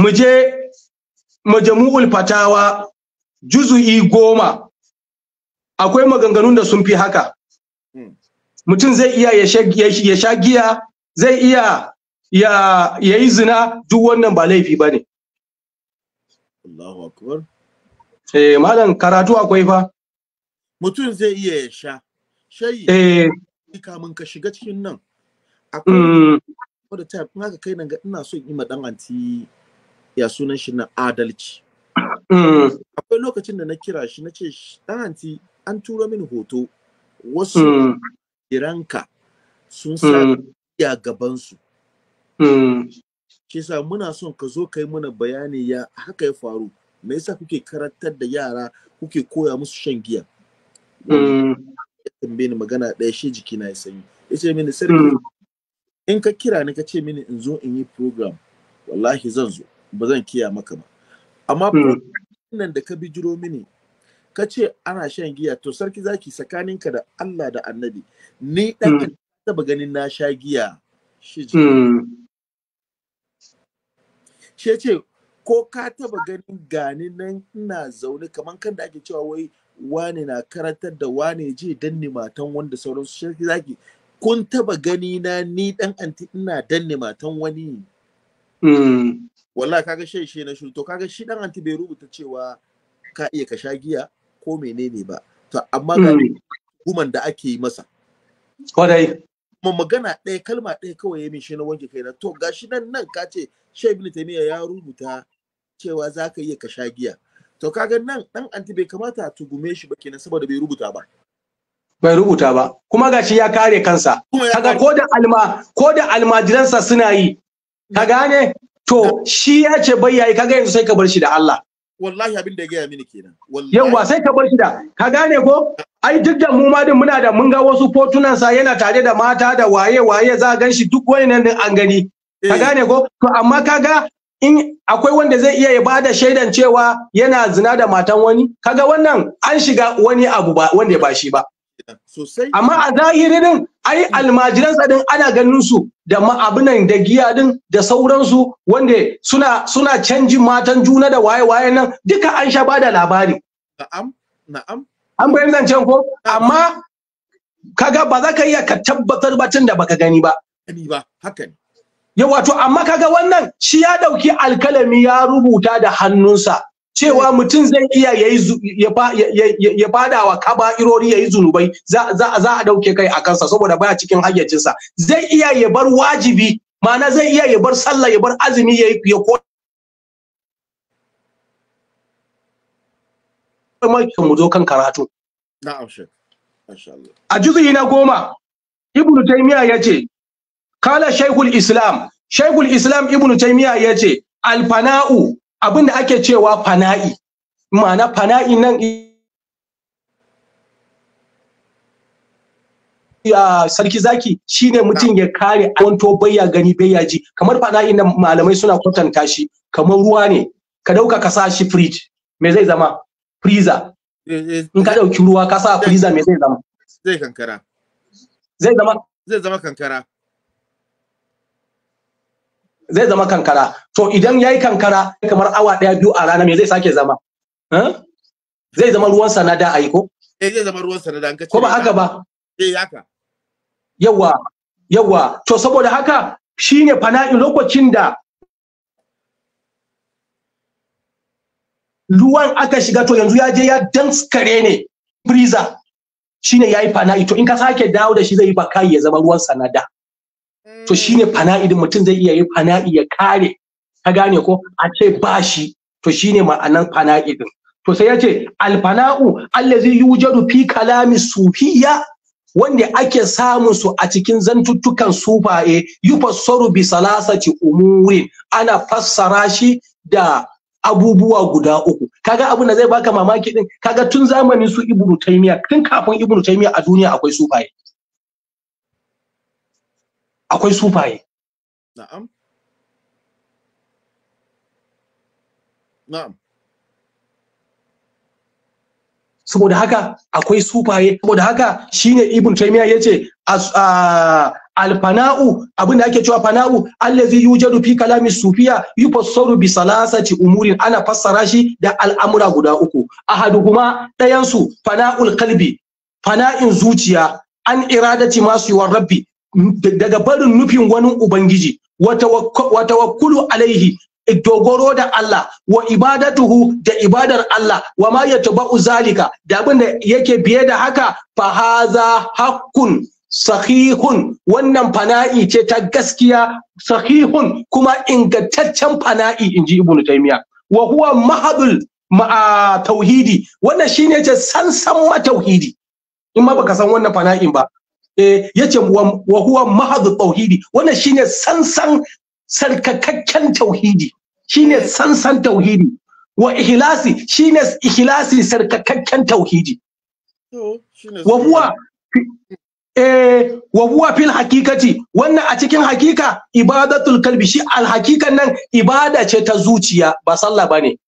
mu je majamu'ul fatawa juzu'i goma akwai maganganun da sun fi haka hmm. mutum zai iya ya sha giya zai iya ya yi zina duk wannan ba laifi ba ne Allahu akbar. Eh malam karatu akwai fa. Mutum zai iya ya sha. Shayi. Eh kamun ka shiga cikin nan. Akwai the mm. time in aka kai nan ga ina so in yi ma anti ya sunan shi na adalci. Mm. Akwai lokacin da na kira shi na ce dan anti an turo min hoto wasu mm. iranka sun sa iya gabansu. shi yasa muna son ka zo kai mana bayani ya haka ya faru me yasa kuke karantar da yara kuke koya musu shan giya mm. tambaye ni magana ɗaya shi jiki na ya sanyi yace mini sir mm. in ka kira ni ka ce mini in zo in yi program wallahi zan zo ba zan kiya maka ba amma mm. nan da ka bijiro mini ka ce ana shan giya to sarki zaki tsakaninka da Allah da annabi ni ɗan taba ganin na sha giya shi jiki shi ce ko ka taba ganin gani nan ina zaune kamar kan da ake cewa wai wane na karantar da wane je danne matan wanda sauransu shi zaki kun taba gani na ni dan anti ina danne matan wani hmm. wallahi kaga shi shi na to kaga shi dan anti bai rubuta cewa ka iya ka sha giya ko menene ba to amma ga hmm. guman da ake yi masa kwarai kuma magana ɗaya kalma ɗaya kawai ya min shi na wanke kaina to gashi nan nan ka ce ta Taymiya ya rubuta cewa za ka iya ka sha giya to kaga nan dan anti bai kamata a tugume shi ba kenan saboda bai rubuta ba bai rubuta ba kuma gashi ya kare kansa kaga ko da alma ko da almajiransa suna yi ka gane to shi ya ce bai yayi kaga yanzu sai ka bar shi da Allah wallahi abin da ya gaya mini kenan yawa sai ka bar shi da ka gane ko ai duk da mu ma din muna da mun ga wasu fotunan sa yana tare da mata da waye waye za gan shi duk wani nan an gani ka eh. gane ko to amma ka ga in akwai wanda zai iya ya bada shaidan cewa yana zina da matan wani kaga wannan an shiga wani abu ba wanda ba shi ba amma a zahiri din ai hmm. almajiran din ana ganin su da ma'abunan da giya din da sauransu wanda suna suna canjin matan juna da waye-waye nan duka an sha bada labari na'am na'am an bayan zancen ko amma kaga ba za ka iya ka tabbatar ba tun da baka gani ba gani ba haka ne ya wato amma kaga wannan shi ya dauki alkalami ya rubuta da hannunsa cewa eh. mutum zai iya ya bada wa irori ya yi zunubai za a ɗauke kai a kansa saboda baya cikin hayyacinsa zai iya ya bar wajibi ma'ana zai iya ya bar sallah ya bar azumi ya koya mu zo kan karatu a juzuyi na goma ibnu taymiya ya ce kala shaikul islam shaikul islam ibnu taymiya ya ce alfana'u abin da ake cewa fana'i ma'ana fana'i nan sarki zaki shine mutum ya kare wanto bayya gani bayya ji kamar fana'i nan malamai suna kwatanta shi kamar ruwa ne ka dauka ka sa shi fridge me zai zama freezer eh, eh, in ka dauki ruwa ka sa freezer me zai zama zai kankara zai zama zai zama kankara zai zama kankara to idan yayi kankara kamar awa daya biyu a rana me zai sake zama zai zama ruwan sanada yi ko eh zai zama ruwan sanada ko ba haka ba eh haka yawa yawa to saboda haka shine fana'i lokacin da ruwan aka shiga to yanzu ya je ya danskare ne briza shine yayi fana'i to in ka sake dawo da shi zai yi bakai ya zama ruwan sanada to shine fana'i mutum zai iya yi fana'i ya kare ka gane ko a ce ba shi to shine ma'anan fana'i to sai ya ce alfana'u allazi yujadu fi kalami Sufiya? wanda ake samun su a cikin zantuttukan sufaye yufassaru bi salasati umurin ana fassara shi da abubuwa guda uku kaga abin da zai baka mamaki din kaga tun zamanin su ibnu taymiya tun kafin ibnu taymiya a duniya akwai sufaye akwai sufaye na'am na'am saboda haka akwai sufaye saboda haka shine ibn taymiya yace alfana'u abin da ake cewa fana'u allazi yujadu fi kalami sufiya yufassaru bi salasati umurin ana fassara shi da al'amura guda uku ahaduhuma dayan su fana'ul qalbi fana'in zuciya an iradati masu yuwar rabbi daga barin nufin wani ubangiji wa tawakkulu alaihi dogoro da Allah wa ibadatuhu da ibadar Allah wa ma yatba'u zalika da abin da yake biye da haka fa haza haqqun sahihun wannan fana'i ce ta gaskiya sahihun kuma ingantaccen fana'i inji ibnu taymiya wa huwa mahadul ma tauhidi wannan shine ce sansan ma tauhidi in ma baka san wannan fana'in ba Eh, yace wa huwa mahadu tauhidi wannan shine sansan sarkakakken tauhidi shine sansan tauhidi wa ihlasi shine ihlasi sarkakakken tauhidi wa huwa eh wa huwa fil haqiqati wannan a cikin hakika ibadatul kalbi shi al haqiqan nan ibada ce ta zuciya ba sallah bane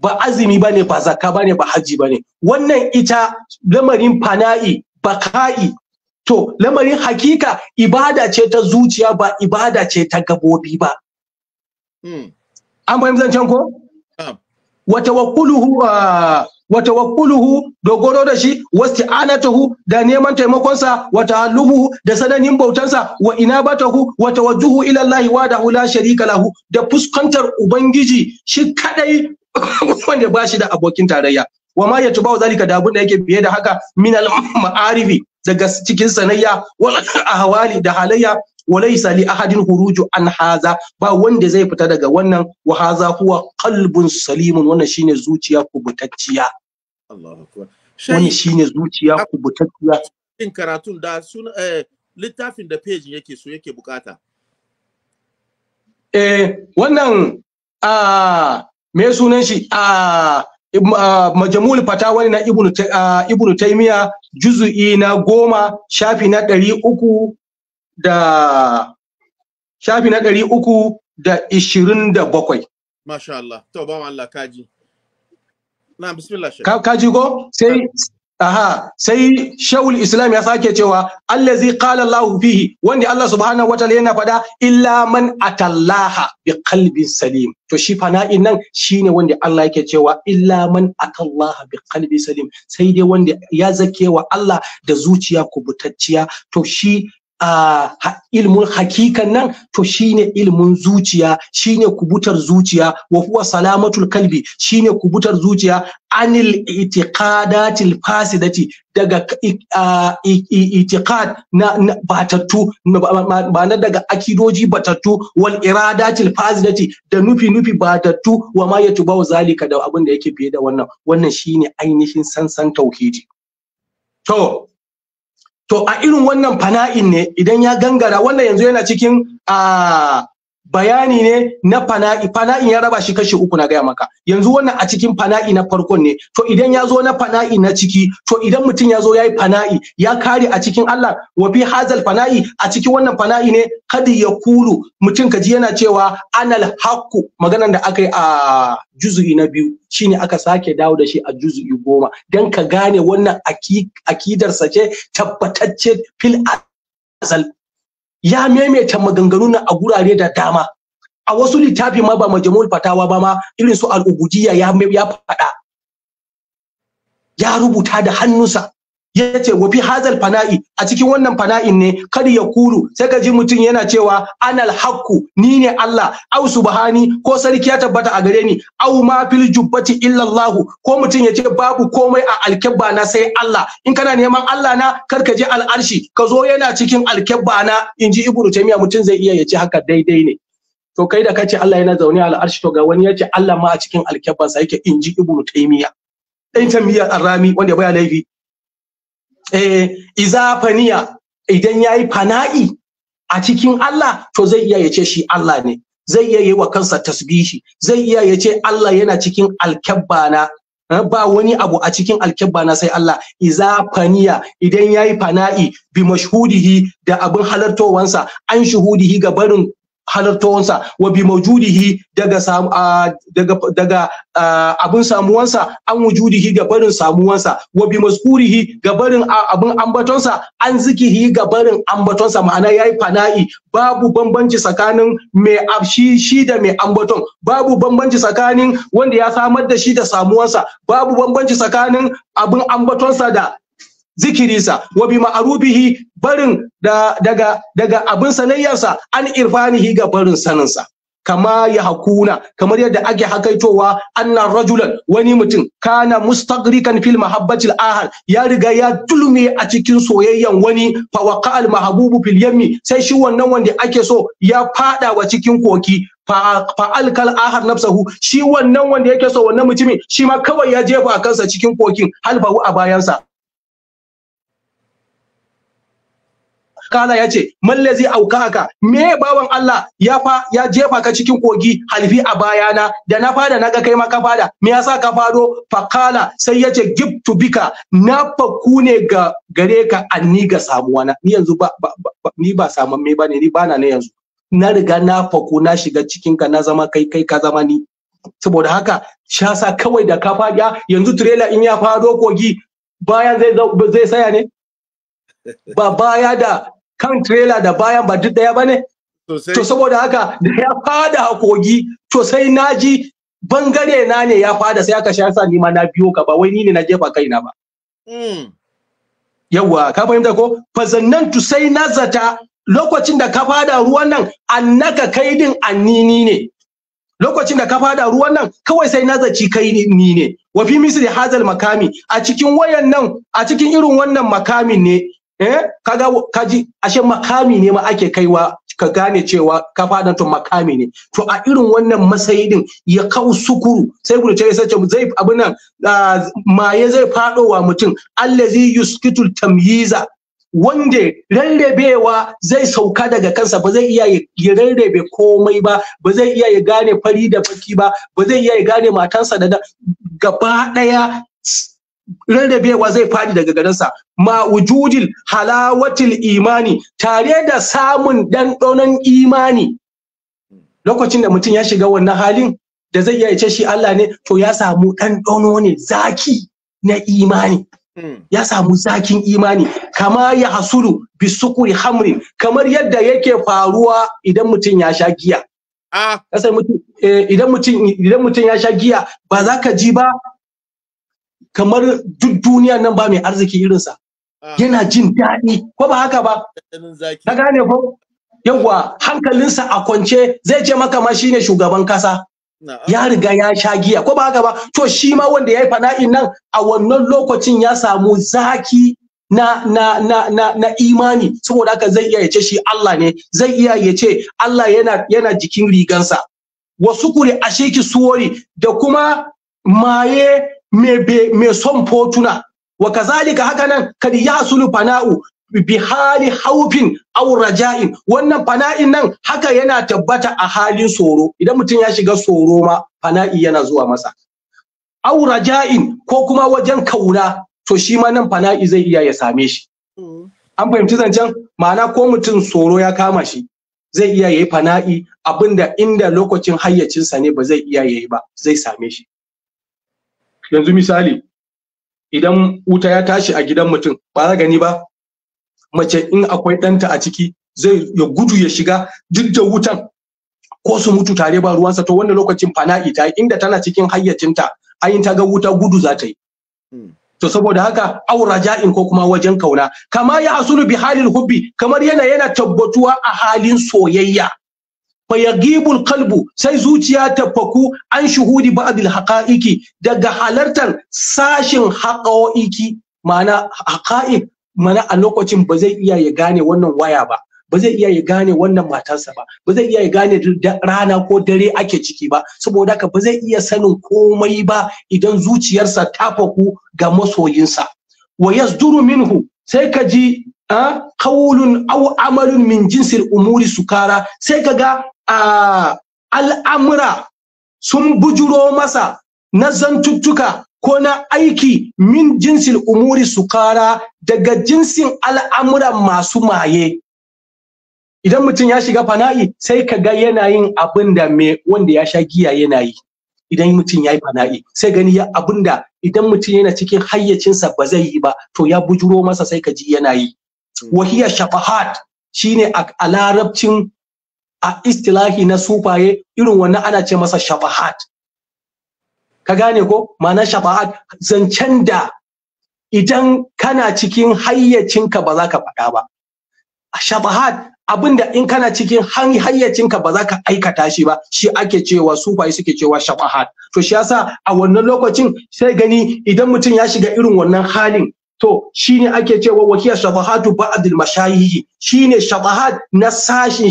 ba azumi bane ba zakka bane ba haji bane wannan ita lamarin fana'i baka'i to lamarin hakika ibada ce ta zuciya ba ibada ce ta gabobi ba hmm. an fahimci zancen ko watawakkuluhu ah, dogoro da shi wasu hu, da neman taimakonsa wata ta'alluhu da sananin bautansa wa ina batahu wata wajuhu ilallahi wa da hula sharika lahu da fuskantar ubangiji shi kadai *coughs* wanda ba shi da abokin tarayya wa ma yatba'u zalika da abin da yake biye da haka min al ma'arifi daga cikin sanayya wal ahwali da halayya walaysa li ahadin huruju an haza ba wanda zai fita daga wannan wa haza huwa qalbun salimun wannan shine zuciya kubutacciya Allahu akbar wannan shine zuciya kubutacciya in karatun da sun eh, littafin da page yake so yake bukata eh wannan a ah, me sunan shi a ah, Ah, majamul fatawa na ibnu ah, ibnu taymiya juz'i na goma shafi na ɗari uku da shafi na ɗari uku da ishirin da bakwai masha Allah to bawan Allah kaji na bismillah kaji ko sai aha sai shaul islam ya sake cewa allazi qala allah fihi wanda allah subhanahu wataala yana faɗa illa man atallaha bi qalbin salim to shi fana'in nan shine wanda allah yake cewa illa man atallaha bi qalbin salim sai dai wanda ya zakewa allah da zuciya kubutacciya to shi ilmun hakikan nan to shine ilmun zuciya shine kubutar zuciya wa huwa salamatul kalbi shine kubutar zuciya anil itiqadatil fasidati daga itiqad na batattu ba na daga akidoji batattu wal iradatil fasidati da nufi nufi batattu wa ma yatuba zalika da abin da yake fiye da wannan wannan shine ainihin sansan tauhidi to to a irin wannan fana'in ne idan ya gangara wannan yanzu yana cikin a ah, bayani ne na fana'i fana'in ya raba shi kashi uku na gaya maka yanzu wannan a cikin fana'i na farkon ne to idan ya zo na fana'i na ciki to idan mutum ya zo ya yi fana'i ya kare a cikin Allah wa fi hazal fana'i a cikin wannan fana'i ne kada ya kulu mutum kaji yana cewa anal haqqu maganar da aka yi a juzu'i na biyu shine aka sake dawo da shi a juzu'i goma dan ka gane wannan akidarsa ce tabbatacce fil azal ya maimaita maganganu na a gurare da dama a wasu littafi ma ba majamul fatawa ba ma irin su al'ubujiya ya faɗa ya rubuta da hannunsa ya ce wa hazal fana'i a cikin wannan fana'in ne kar ya kulu sai ka ji mutum yana cewa anal hakku ni ne Allah au subhani ko sarki ya tabbata a gare ni au ma fil jubbati illa Allah ko mutum ya ce babu komai a alkebba na sai Allah in kana neman Allah na kar ka je arshi ka zo yana cikin alkebba na inji ibnu taymiya mutum zai iya ya ce haka daidai ne to kai da kace Allah yana zaune a arshi to ga wani yace Allah ma a cikin alkebban sa yake inji ibnu taymiya dan tamiya arami wanda baya laifi eh izafaniya idan yayi fana'i a cikin Allah to zai iya yace shi Allah ne zai iya yi wa kansa tasbihi zai iya yace Allah yana cikin alkabbana eh, ba wani abu a cikin alkebba na sai Allah Izafaniya idan yayi fana'i bi mashhudihi da abin halartowansa an shuhudihi ga barin halartowansa wa bi maujudihi daga daga daga abin samuwansa an wujudihi ga barin samuwansa wa bi maskurihi ga barin abin ambatonsa an zikihi ga barin ambatonsa ma'ana yayi fana'i babu bambanci tsakanin mai afshi shi da mai ambaton babu bambanci tsakanin wanda ya samar da shi da samuwansa babu bambanci tsakanin abin ambatonsa da Zikirisa, wa bi ma'arubihi barin da, daga daga abin sanayyarsa an irfanihi ga barin saninsa kama ya hakuna kamar yadda ake hakaitowa annan rajulan wani mutum kana mustagrikan fil mahabbatil ahad ya riga ya dulme a cikin soyayyan wani fa waqa al mahbubu fil yammi sai shi wannan wanda ake so ya fada wa cikin koki fa kal ahad nafsahu shi wannan wanda yake so wannan mutumin shi ma kawai ya jefa kansa cikin kokin halbahu a bayansa kala ya ce mallazi auka haka me bawan Allah ya fa ya jefa ka cikin kogi halfi a bayana da na fada na ga kai ma ka fada me yasa ka fado fa kala sai ya ce gibtu bika na faku ne ga gare ka anni ga samuwana ni yanzu ba, ni ba samun me bane ni bana ne yanzu na riga na faku na shiga cikin ka na zama kai kai ka zama ni saboda haka shasa kawai da ka fadiya yanzu trailer in ya fado kogi bayan zai zai saya ne ba baya da kan trailer da bayan ba duk daya ne? to saboda haka da ya fada a kogi to sai naji bangare na ne ya fada sai aka sha sa ni ma na biyo ka ba wai ni ne na jefa kaina ba hmm. yawa ka fahimta ko fazannan tu sai nazata lokacin da ka fada ruwan nan annaka kai din annini ne lokacin da ka fada ruwan nan kawai sai nazaci kai ni ne wa fi misli hazal makami a cikin wayan nan a cikin irin wannan makamin ne eh kaga kaji ashe makami ne ma ake kaiwa ka gane cewa ka fadan to makami ne to a irin wannan masayi din ya kau sukuru sai gudu ce sai zai abin nan maye zai fadowa mutum allazi yuskitul tamyiza wanda rarrabewa zai sauka daga kansa ba zai iya ya rarrabe komai ba ba zai iya ya gane fari da baki ba ba zai iya ya gane matansa da gaba daya rarrabewa zai fadi daga garinsa ma wujudil halawatil imani tare da samun ɗanɗanon imani lokacin da mutum ya shiga wannan halin da zai iya ce shi Allah ne to ya samu ɗanɗano ne zaki na imani hmm. ya samu zakin imani kama ya hasulu bisukuri hamri. kamar yadda yake faruwa idan mutum ya sha giya ah. eh, idan mutum ya sha giya ba za ka ji ba kamar duk duniya nan ba mai arziki irinsa ah. yana jin daɗi ko ba haka ba ka gane ko yawwa hankalinsa a kwance zai ce maka ma shine shugaban kasa ya riga ya sha giya ko ba haka ba to shi ma wanda ya yi fana'in nan a wannan lokacin ya samu zaki na na na na na imani saboda haka zai iya yace shi Allah ne zai iya yace Allah yana yana jikin rigansa wasu kuri asheki suwori da kuma maye mai son fotuna wa kazalika haka nan kad yasulu fana'u bi hali haufin aw raja'in wannan fana'in nan haka yana tabbata a halin tsoro idan mutum ya shiga tsoro ma fana'i yana zuwa masa aw raja'in ko kuma wajen kauna to shi ma nan fana'i zai iya ya same shi an fahimci zancen ma'ana ko mutum tsoro ya kama shi zai iya yayi fana'i abinda inda lokacin hayyacinsa ne ba zai iya yayi ba zai same shi yanzu misali idan wuta ya tashi a gidan mutum ba za gani ba mace in akwai ɗanta a ciki zai ya gudu ya shiga duk da wutan ko su mutu tare ba ruwansa to wannan lokacin fana'i ta inda tana cikin hayyacinta ayin ta ga wuta gudu za ta yi hmm. to saboda haka aura ja'in ko kuma wajen kauna kama ya asulu bi halin hubbi kamar yana yana tabbatuwa a halin soyayya fayagibul kalbu sai zuciya ta faku an shuhudi ba'dil haqa'iqi daga halartar sashin haqa'iqi ma'ana haqa'iq mana a lokacin ba zai iya ya gane wannan waya ba ba zai iya ya gane wannan matarsa ba ba zai iya ya gane rana ko dare ake ciki ba saboda haka ba zai iya sanin komai ba idan zuciyarsa ta faku ga masoyinsa wa yasduru minhu sai ka ji qawlun aw amalun min umuri sukara sai kaga al'amura sun bujuro masa na zantuttuka ko na aiki min jinsil umuri sukara daga jinsin al'amura masu maye idan mutum ya shiga fana'i sai ka ga yana yin abin da me wanda ya sha giya yana yi idan mutum ya yi fana'i sai gani ya abin da idan mutum yana cikin hayyacinsa ba zai yi ba to ya bujuro masa sai ka ji yana yi wahiya shafahat shine a larabcin a istilahi na sufaye irin wannan ana ce masa shafahat ka gane ko ma'ana shafahat zancen da idan kana cikin hayyacinka ba za ka faɗa ba shafahat abinda in kana cikin hayyacinka ba za ka aikata shi ba shi ake cewa sufaye suke cewa shafahat to shi yasa a wannan lokacin sai gani idan mutum ya shiga irin wannan halin to shine ake cewa wakiya shafahatu ba'dil mashayihi shine shafahat na sashin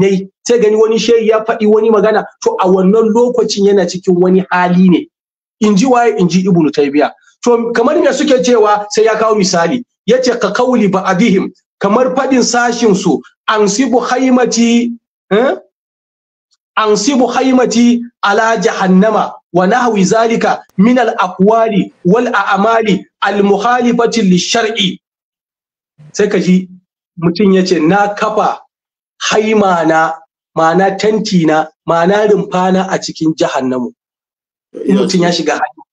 ne sai gani wani shehi ya faɗi wani magana to a wannan lokacin yana cikin wani hali ne inji waye inji ibnu taybiya to kamar me suke cewa sai ya kawo misali yace ka kauli ba'dihim kamar faɗin sashin su ansibu haimati eh ansibu haimati ala jahannama wa nahwi zalika min al aqwali wal a'mali al mukhalifati lishar'i sai kaji ji mutum ya ce na kafa haima na ma'ana tenti na ma'ana rumfa na a cikin jahannamu in mutum ya shiga haima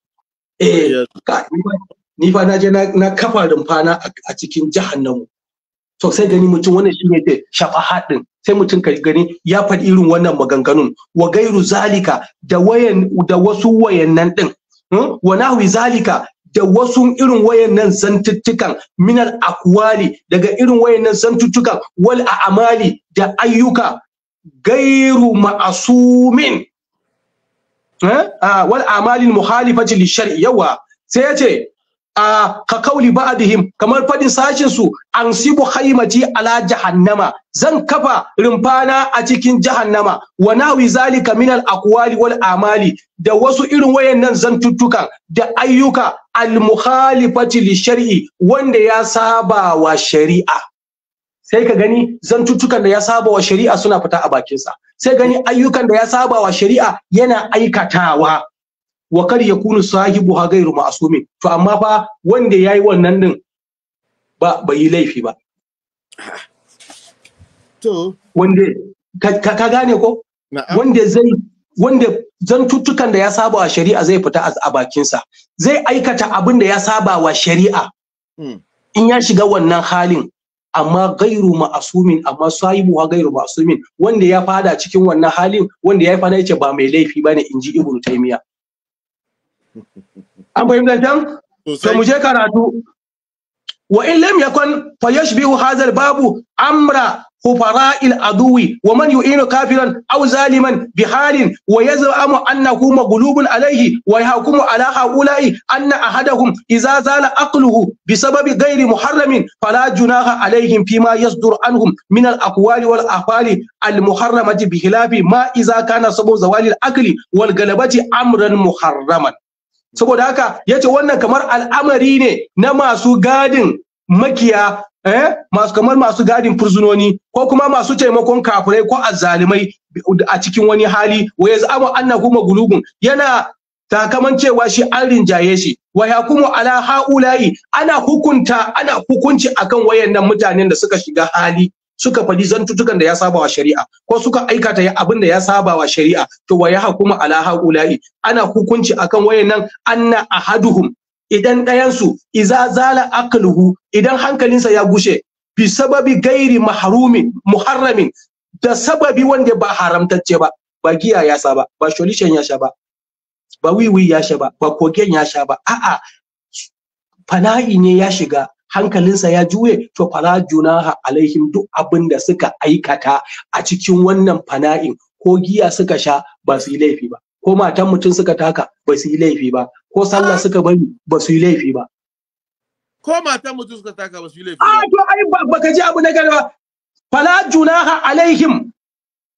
eh ni fa na je na kafa rumfa na a cikin jahannamu to sai gani mutum wannan shine ce shafaha din sai mutum ka gani ya faɗi irin wannan maganganun wa gairu zalika da wayan da wasu wayannan din hmm? wa nahwi zalika da wasu irin wayannan zantuttukan minal akwali daga irin wayannan zantuttukan wal amali da ayyuka gairu ma'asumin hmm? ah, wal amalin muhalifati li shar'i yawa sai yace ka kauli adihim kamar fadin sashin su an sibu haimati ala jahannama zan kafa rumfana a cikin jahannama wa nawi zalika min al aqwali wal amali da wasu irin wayannan zantuttukan da ayyuka al mukhalifati li shar'i wanda ya saba wa shari'a sai ka gani zantuttukan da ya saba wa shari'a suna fita a bakinsa sai gani ayyukan da ya saba wa shari'a yana aikatawa wa kar sahibu ha gairu ma'sumin to amma fa wanda yayi wannan din ba bai yi laifi ba to wanda ka gane ko wanda zai wanda zantuttukan da ya saba wa shari'a zai fita a bakinsa zai aikata abin da ya saba wa shari'a hmm. in ya shiga wannan halin amma gairu ma'asumin amma sahibu ha gairu ma'asumin wanda ya fada cikin wannan halin wanda ya fada yace ba mai laifi bane inji ibnu taymiya An fahimta can? Sai mu je karatu. Wa in lam yakun fa yashbihu babu amra hufara aduwi wa man yu'inu kafiran aw zaliman wa yaz'amu annahu maghlubun alayhi wa ala haula'i anna ahadahum idza zala aqluhu bi sababi ghairi muharramin fala junaha alayhim fi ma yasdur anhum min al aqwali wal afali al muharramati bi hilabi ma idza kana sabab zawali al wal galabati amran muharraman saboda haka ya ce wannan kamar al'amari ne na masu gadin makiya eh masu kamar masu gadin fursunoni ko kuma masu taimakon kafirai ko azzalimai a cikin wani hali wa yaz'amu annahu maghlubun yana takaman cewa shi an rinjaye shi wa yakumu ala haula'i ana hukunta ana hukunci akan wayannan mutanen da suka shiga hali suka faɗi zantutukan da ya saba wa shari'a ko suka aikata ya abin da ya saba wa shari'a to wa ya hakuma ala haula'i ana hukunci akan wayannan anna ahaduhum idan ɗayansu iza zala aqluhu idan hankalinsa ya gushe bi sababi gairi mahrumin muharramin da sababi wanda ba haramtacce ba ba giya ya sha ba ba ya sha ba wiwi ya sha ba ba kogen ya sha ba a'a fana'i ne ya shiga hankalinsa ya juye to fala junaha alaihim duk abin da suka aikata a cikin wannan fana'in ko giya suka sha ba su yi laifi ba ko matan mutum suka taka ba su yi laifi ba ko sallah suka bari ba su yi laifi ba ko matan mutum suka taka ba su yi laifi ba a ah, to ai baka ji abu na gaba fala junaha alaihim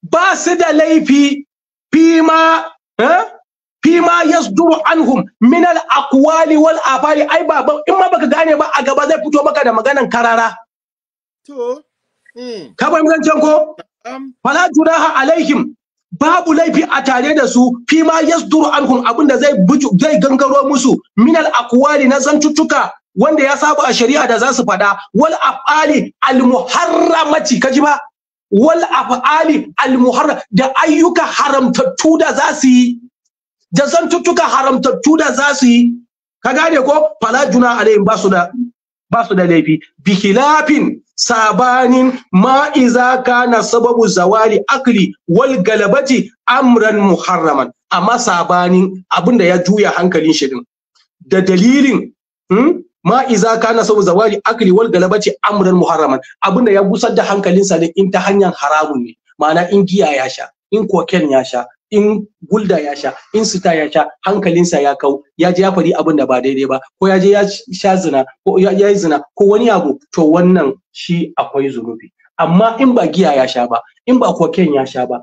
ba su da laifi fima eh fima yasduru anhum min al aqwali wal afali ai ba in ma baka gane ba a gaba zai fito maka da maganan karara to hmm. ka fahimci zan ko fala juraha alaihim babu laifi a tare da su Fima yasduru anhum abinda zai zai gangaro musu min al aqwali na zantuttuka wanda ya saba a shari'a da za su faɗa wal afali al muharramati kaji ba wal afali al muharram da ayyuka haramtattu da za su yi da zantuttuka haramtattu da za su yi ka gane ko fala juna alayhim ba su da ba su da laifi khilafin sabanin ma iza kana sababu zawali akli wal galabati amran muharraman amma sabanin abinda ya juya hankalin shi din da dalilin hmm, ma iza kana sababu zawali akli wal galabati amran muharraman abinda ya gusar da hankalinsa ne in ta hanyar haramun ne ma'ana in giya ya sha in koken ya sha in gulda ya sha in sita ya sha hankalinsa ya kau ya je ya faɗi abin da ba daidai ba ko ya je ya sha zina ko ya yi zina ko wani abu to wannan shi akwai zunubi amma in ba giya ya sha ba in ba koken ya sha ba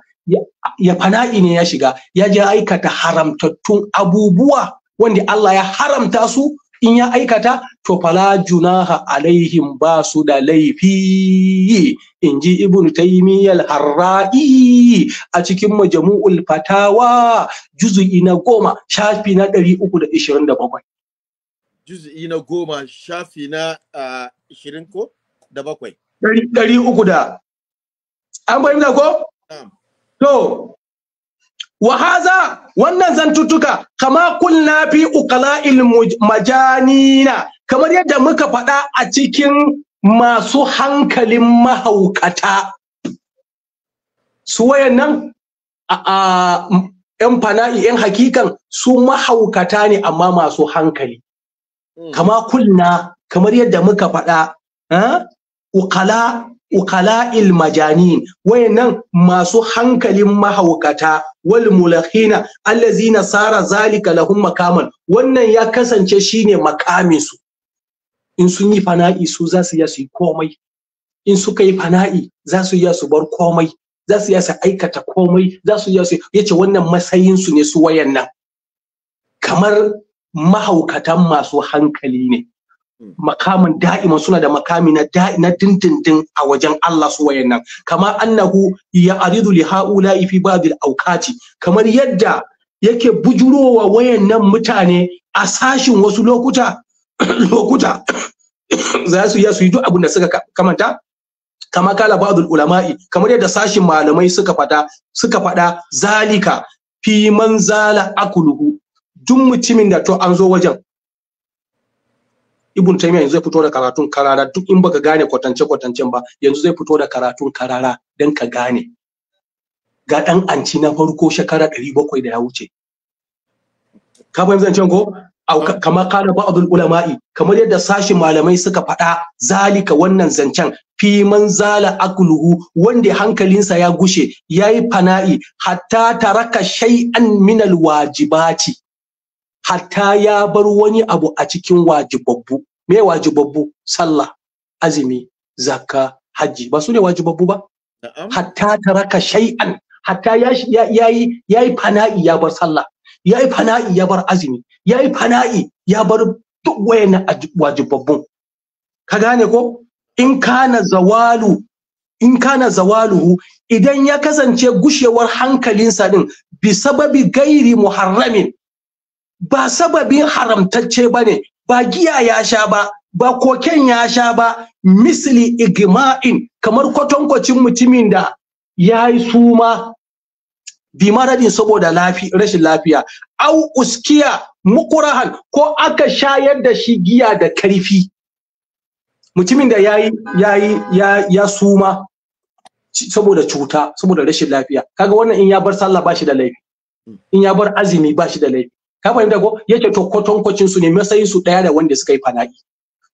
ya fana'i ne ya shiga ya je aikata haramtattun abubuwa wanda Allah ya haramta su in ya aikata to fala junaha alaihim ba su da laifi in ji ibn taymiyal harra'i a cikin majmu'ul fatawa juz'i na goma shafi na 327 juz'i na goma shafi na 20 ko da bakwai 300 uku da an fahimta ko to Wahaza, wannan zantuttuka kama kulna fi uqala'il majanina kamar yadda muka faɗa a cikin masu hankalin mahaukata su wayannan a yan fana'i yan hakikan su mahaukata ne amma masu hankali hmm. kama kulna kamar yadda muka faɗa uqala uqala'il majanin wayannan masu hankalin mahaukata wal mulakhina allazina sara zalika lahum makaman wannan ya kasance shine makamin su in sun yi fana'i su za su iya su komai in suka yi fana'i za su iya su bar komai za su iya su aikata komai za su iya su yace wannan matsayin su ne su wayannan kamar mahaukatan masu hankali ne Hmm. makamin da'ima suna da makami na na dindindin a wajen Allah su wayannan Kamar annahu ya aridu li haula fi ba'dil awqati kamar yadda yake bujurowa wayannan mutane a sashin wasu lokuta *coughs* lokuta *coughs* za su iya su yi duk abin da suka kamanta kama kala ba'dul ulama'i kamar yadda sashin malamai suka fada suka fada zalika fi manzala akuluhu duk mutumin da to an zo wajen ibn taymiya yanzu zai fito da karatun karara duk in baka gane kwatance kwatancen ba yanzu zai fito da karatun karara dan ka gane ga dan anci na farko shekara 700 da ya wuce ka fahimci zancen ko kamar kana ba'dul ulama'i kamar yadda sashi malamai suka faɗa zalika wannan zancen fi man zala akluhu wanda hankalinsa ya gushe yayi fana'i hatta taraka shay'an min alwajibati hatta ya bar wani abu a cikin wajibabbu me wajibabbu sallah azumi zakka hajji ba su ne wajibabbu ba hatta taraka shay'an hatta ya yi fana'i ya bar sallah ya yi fana'i ya bar azumi ya yi fana'i ya bar duk wayan wajibabbun ka gane ko in kana zawalu in kana zawaluhu idan ya kasance gushewar hankalinsa din bi sababi gairi muharramin ba sababin haramtacce ba ne ba giya ya sha ba ba koken ya sha ba misli igma'in kamar kwatankwacin mutumin da ya yi suma bi maradin saboda rashin lafiya au uskiya mukurahan ko aka shayar da shi giya da karfi mutumin da yayi yayi ya, suma saboda cuta saboda rashin lafiya kaga wannan in ya bar sallah bashi da laifi in ya bar azumi bashi da laifi ka fahimta ko yace to kwatankwacin su ne matsayin su daya da wanda suka yi fana'i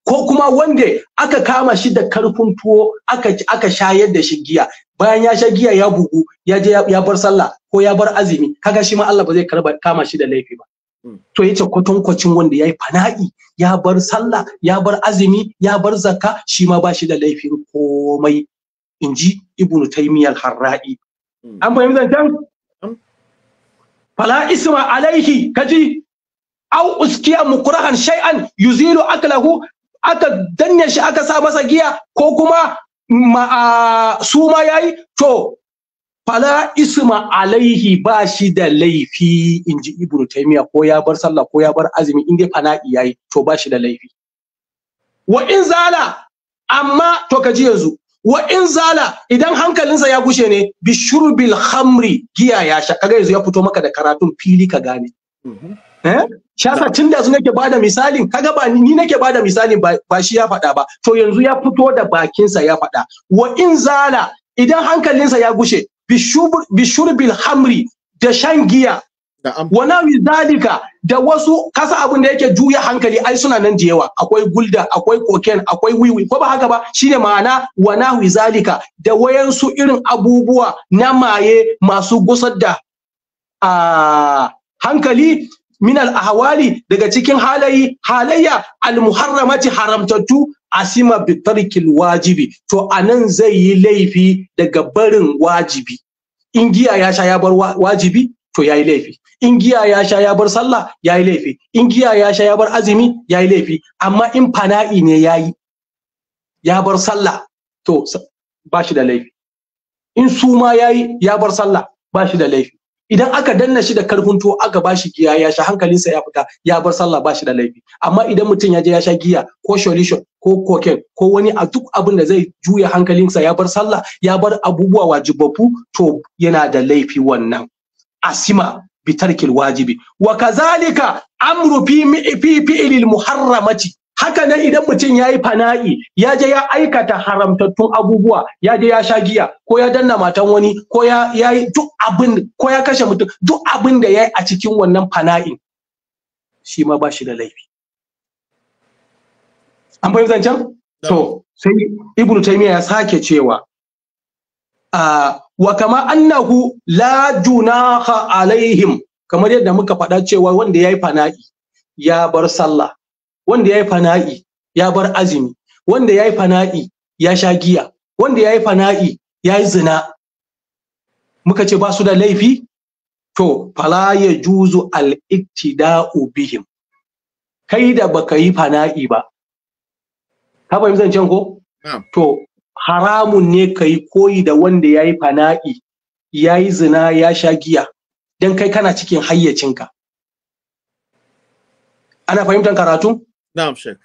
ko kuma wanda aka kama shi da karfin tuwo aka aka shayar da shi giya bayan ya sha giya ya bugu ya je ya bar sallah ko ya bar azumi kaga shi ma Allah ba zai karba kama shi da laifi ba hmm. to yace kwatankwacin wanda yayi yi fana'i ya bar sallah ya bar azumi ya bar zakka shi ma ba shi da laifin komai inji ibnu taymiyal harra'i hmm. an fahimta fala isma alaihi kaji au uskiya mukrahan shay'an yuzilu aklahu aka danne shi aka sa masa giya ko kuma su ma yayi to fala isma alaihi ba shi da laifi in ji ibnu taymiya ko ya bar sallah ko ya bar azumi in dai fana'i yayi to ba shi da laifi wa in zala amma to kaji yanzu wa in zala idan hankalinsa ya gushe ne bi shurbil khamri giya ya sha kaga yanzu ya fito maka da karatun fili ka gane mm-hmm. eh shasa tun da su nake bada misali kaga ba ni nake bada misali ba shi ya faɗa ba to yanzu ya fito da bakinsa ya faɗa wa in zala idan hankalinsa ya gushe bi shurbil hamri da shan giya wa na zalika da wasu kasa abin da yake juya hankali ai suna nan da yawa akwai gulda akwai koken akwai wiwi ko ba haka ba shine ma'ana wa nahwi zalika da wayansu irin abubuwa na maye masu gusar da a hankali min al ahwali daga cikin halayi halayya al muharramati haramtattu asima bi tarkil wajibi to anan zai yi laifi daga barin wajibi in giya ya sha ya bar wajibi to yayi laifi in giya ya sha ya bar sallah yayi laifi in giya ya sha ya bar azumi yayi laifi amma in fana'i ne yayi ya bar sallah to ba shi da laifi in suma yayi ya bar sallah ba shi da laifi idan aka danna shi da karfin tuwo aka ba shi giya ya sha hankalinsa ya fita ya bar sallah ba shi da laifi amma idan mutum ya je ya sha giya ko sholishon ko koken ko wani a duk abin da zai juya hankalinsa ya bar sallah ya bar abubuwa wajibabbu to yana da laifi wannan asima bitarkil wajibi wa kazalika amru fi fi fi'lil muharramati haka nan idan mutum ya yi fana'i ya je ya aikata haramtattun abubuwa ya je ya sha giya ko ya danna matan wani ko ya yi duk abin ko ya kashe mutum duk abin da ya yi a cikin wannan fana'in shi ma ba shi da laifi an fahimci zancen to sai ibnu taymiya ya sake cewa a wa kama annahu la junaha alaihim kamar yadda muka faɗa cewa wanda yayi fana'i ya bar sallah wanda yayi fana'i ya bar azumi wanda yayi fana'i ya sha giya wanda yayi fana'i ya yi zina muka ce ba su da laifi to fala ya juzu al-iktida'u bihim kai da baka yi fana'i ba ka fahimci can ko to haramun ne ka yi koyi da wanda ya yi fana'i ya yi zina ya sha giya don kai kana cikin hayyacinka ana fahimtar karatu? na'am shek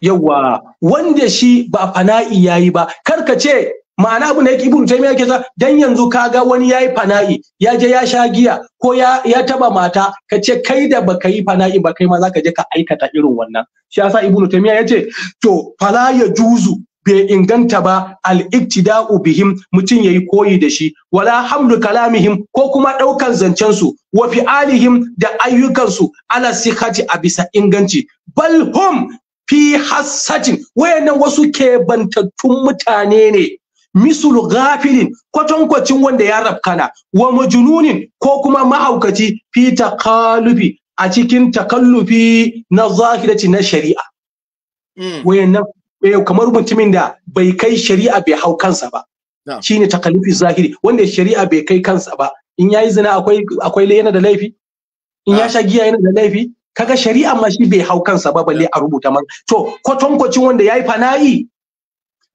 yawa wanda shi ba fana'i ya yi ba karka ce ma'ana abu na ibnu taymiya ke sa dan yanzu ka ga wani yayi fana'i ya je ya sha giya ko ya ya taba mata ka ce kai da baka yi fana'i ba kai ma zaka je ka aikata irin wannan shi yasa ibnu taymiya yace to fala ya juzu bai inganta ba al-iktida'u bihim mutum yayi koyi da shi wala hamdu kalamihim ko kuma ɗaukan zancen su wa fi'alihim da ayyukan su ala sihhati a bisa inganci bal hum fi hasajin wayannan wasu ke bantattun mutane ne misul gafilin kwatankwacin wanda ya rafkana wa majununin ko kuma mahaukaci fi takalufi a cikin takallufi na zahirati na shari'a hmm. wayannan Eh, kamar mutumin da bai kai shari'a bai hau kansa ba shine takalifi zahiri wanda shari'a bai kai kansa ba in yayi zina akwai akwai yana da laifi in ya sha giya yana da laifi kaga shari'a ma shi bai hau kansa ba balle a rubuta man to kwatankwacin wanda yayi fana'i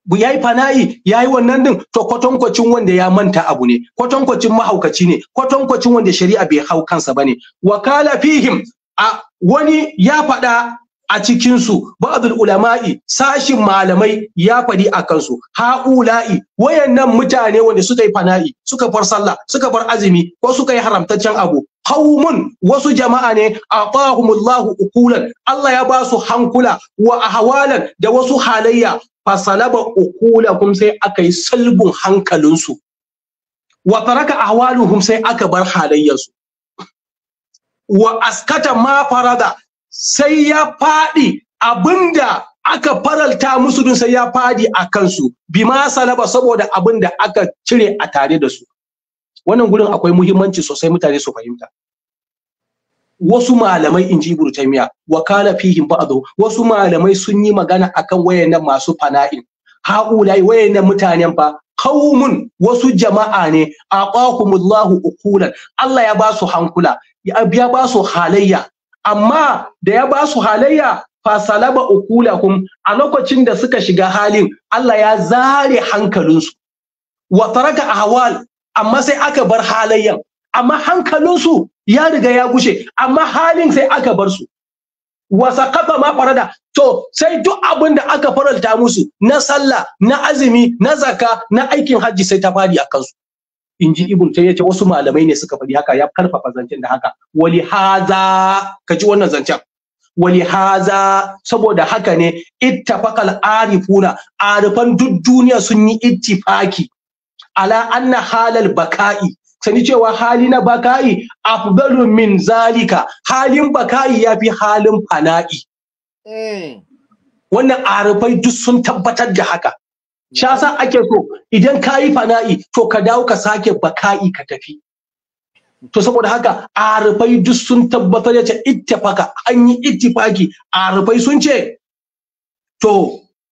bu yayi fana'i yayi wannan din to kwatankwacin wanda ya manta abu ne kwatankwacin mahaukaci ne kwatankwacin wanda shari'a bai hau kansa bane wakala fihim a wani ya faɗa a cikinsu ba'adul ulama'i sashin malamai ya faɗi a kansu ha'ula'i wayannan mutane wanda suka yi fana'i suka bar sallah suka bar azumi ko suka yi haramtaccen abu qaumun wasu jama'a ne atahumullahu ukulan Allah ya ba su hankula wa ahwalan da wasu halayya fasalaba ukulakum sai aka yi salbun hankalinsu wa taraka ahwaluhum sai aka bar halayyarsu wa askata ma farada sai ya faɗi abinda aka faralta musu din sai ya faɗi a kansu bima salaba saboda abinda aka cire a tare da su wannan gurin akwai muhimmanci sosai mutane su fahimta wasu malamai inji ibnu taymiya wa kala fihim ba'dhu wasu malamai sun yi magana akan wayannan masu fana'in ha'ula wayannan mutanen fa qaumun wasu jama'a ne aqahumullahu uqulan Allah ya ba su hankula ya ba su halayya amma da ya ba su halayya fasalaba ukulakum a lokacin da suka shiga halin Allah ya zare hankalinsu wa taraka ahwal amma sai aka bar halayyan amma hankalinsu ya riga ya gushe amma halin sai aka bar su wasa kafa ma farada to sai duk abin da aka faralta musu na sallah na azumi na zaka na aikin hajji sai ta fadi a kansu in ji ibn ta yace wasu malamai ne suka faɗi haka ya karfafa zancen da haka wali haza ka ji wannan zancen wali haza saboda haka ne ittafaqal arifuna arifan duk duniya sun yi ittifaki ala anna halal baka'i sani cewa hali na baka'i afdalu min zalika halin baka'i yafi halin fana'i eh. wannan arifai duk sun tabbatar da haka Sha sa ake so idan ka yi fana'i to ka dawo ka sake baka'i ka tafi. To saboda haka arifai duk sun tabbatar da ce ittifaka an yi ittifaki arifai sun ce to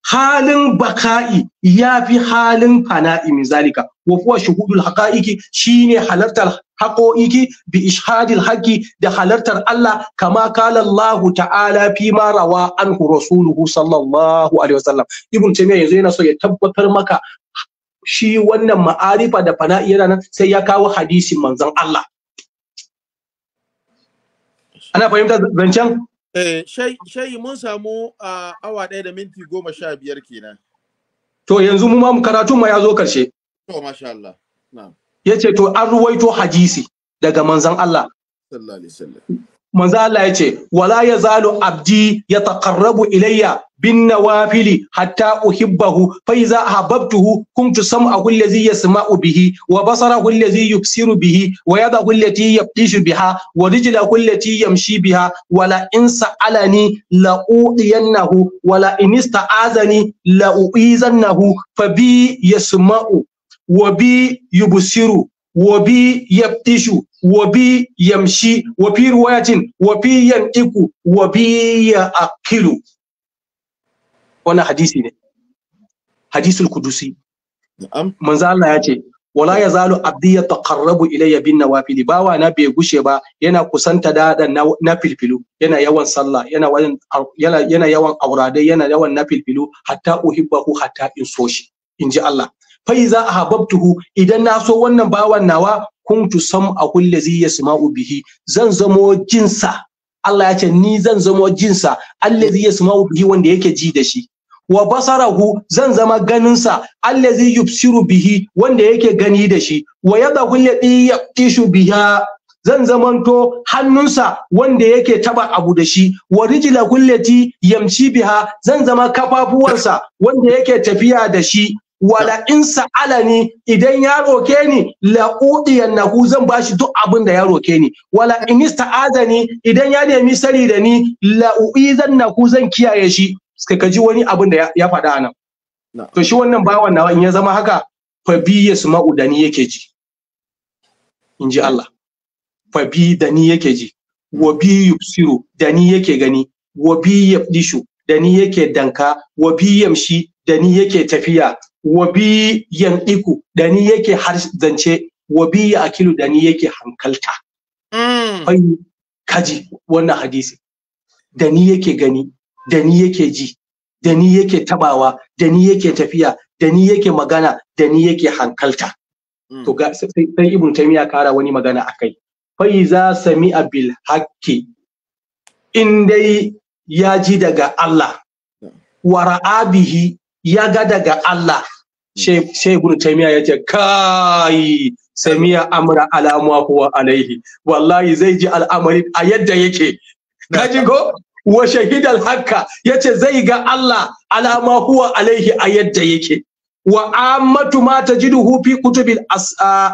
halin baka'i ya fi halin fana'i min zalika wa huwa shuhudul haqa'iqi shine halartar haƙoƙi bi ishadil haqqi da halartar Allah kama kala Allah ta'ala fi ma rawa anhu rasuluhu sallallahu alaihi wasallam ibn taymiya yanzu yana so ya tabbatar maka shi wannan ma'arifa da fana'i yana nan sai ya kawo hadisin manzon Allah ana fahimtar zancen Eh, shayi mun samu a awa ɗaya da minti goma sha biyar kenan. To yanzu mu ma karatun ma ya zo karshe. To masha Allah. Ya ce to an ruwaito hadisi daga manzan Allah. Sallallahu alaihi wasallam. Manzan Allah ya ce wala ya zalu abdi ya taƙarrabu ilayya بالنوافل حتى أحبه فإذا أحببته كنت سمعه الذي يسمع به وبصره الذي يبصر به ويده التي يبطش بها ورجله التي يمشي بها ولا إن سألني لأوقينه ولا إن استعاذني لأؤيذنه فبي يسمع وبي يبصر وبي يبطش وبي يمشي وفي رواية وبي ينطق وبي يأكل wannan hadisi ne hadisul kudusi manzo Allah ya ce wala ya zalu abdi ya taqarrabu ilayya bin nawafili bawa na bai gushe ba yana kusanta da na filfilu yana yawan sallah yana yana yana yawan auradai yana yawan na filfilu hatta uhibbahu hatta in so shi inji Allah fa iza ahabbtuhu idan na so wannan bawan nawa kuntu sam'ahu allazi yasma'u bihi zan zamo jinsa Allah ya ce ni zan zamo jinsa allazi yasma'u bihi wanda yake ji da shi wa basarahu zan zama ganinsa allazi yubsiru bihi wanda yake gani da shi wa yadahu alladhi yaqishu biha zan zamanto hannunsa wanda yake taba abu da shi wa rijla kullati yamshi biha zan zama kafafuwansa wanda yake tafiya da shi wala in sa'alani idan ya roke ni la udiyannahu zan bashi duk abin da ya roke ni wala in ista'azani idan ya nemi sari da ni la uizannahu zan kiyaye shi suka ka ji wani abin da ya faɗa a nan to shi wannan bawan nawa in ya zama haka fa bi yasma'u da ni yake ji in ji Allah fa bi da ni yake ji wa bi yubsiru da ni yake gani wa bi yabdishu da ni yake danka wa bi yamshi da ni yake tafiya wa bi yamiku da ni yake zance wa bi akilu da ni yake hankalta mm. kaji wannan hadisi da ni yake gani da ni yake ji da ni yake tabawa da ni yake tafiya da ni yake magana da ni yake hankalta hmm. to sai ibn taymiya kara wani magana akai fa iza sami'a bil haqqi in dai ya ji daga Allah wa ra'abihi ya ga daga Allah sai ibn taymiya ya ce kai samiya amra ala ma huwa alaihi wallahi zai ji al'amari a yadda yake kaji ko wa shahidal hakka yace zai ga Allah alama huwa alaihi a yadda yake wa ammatu ma duhu fi kutubin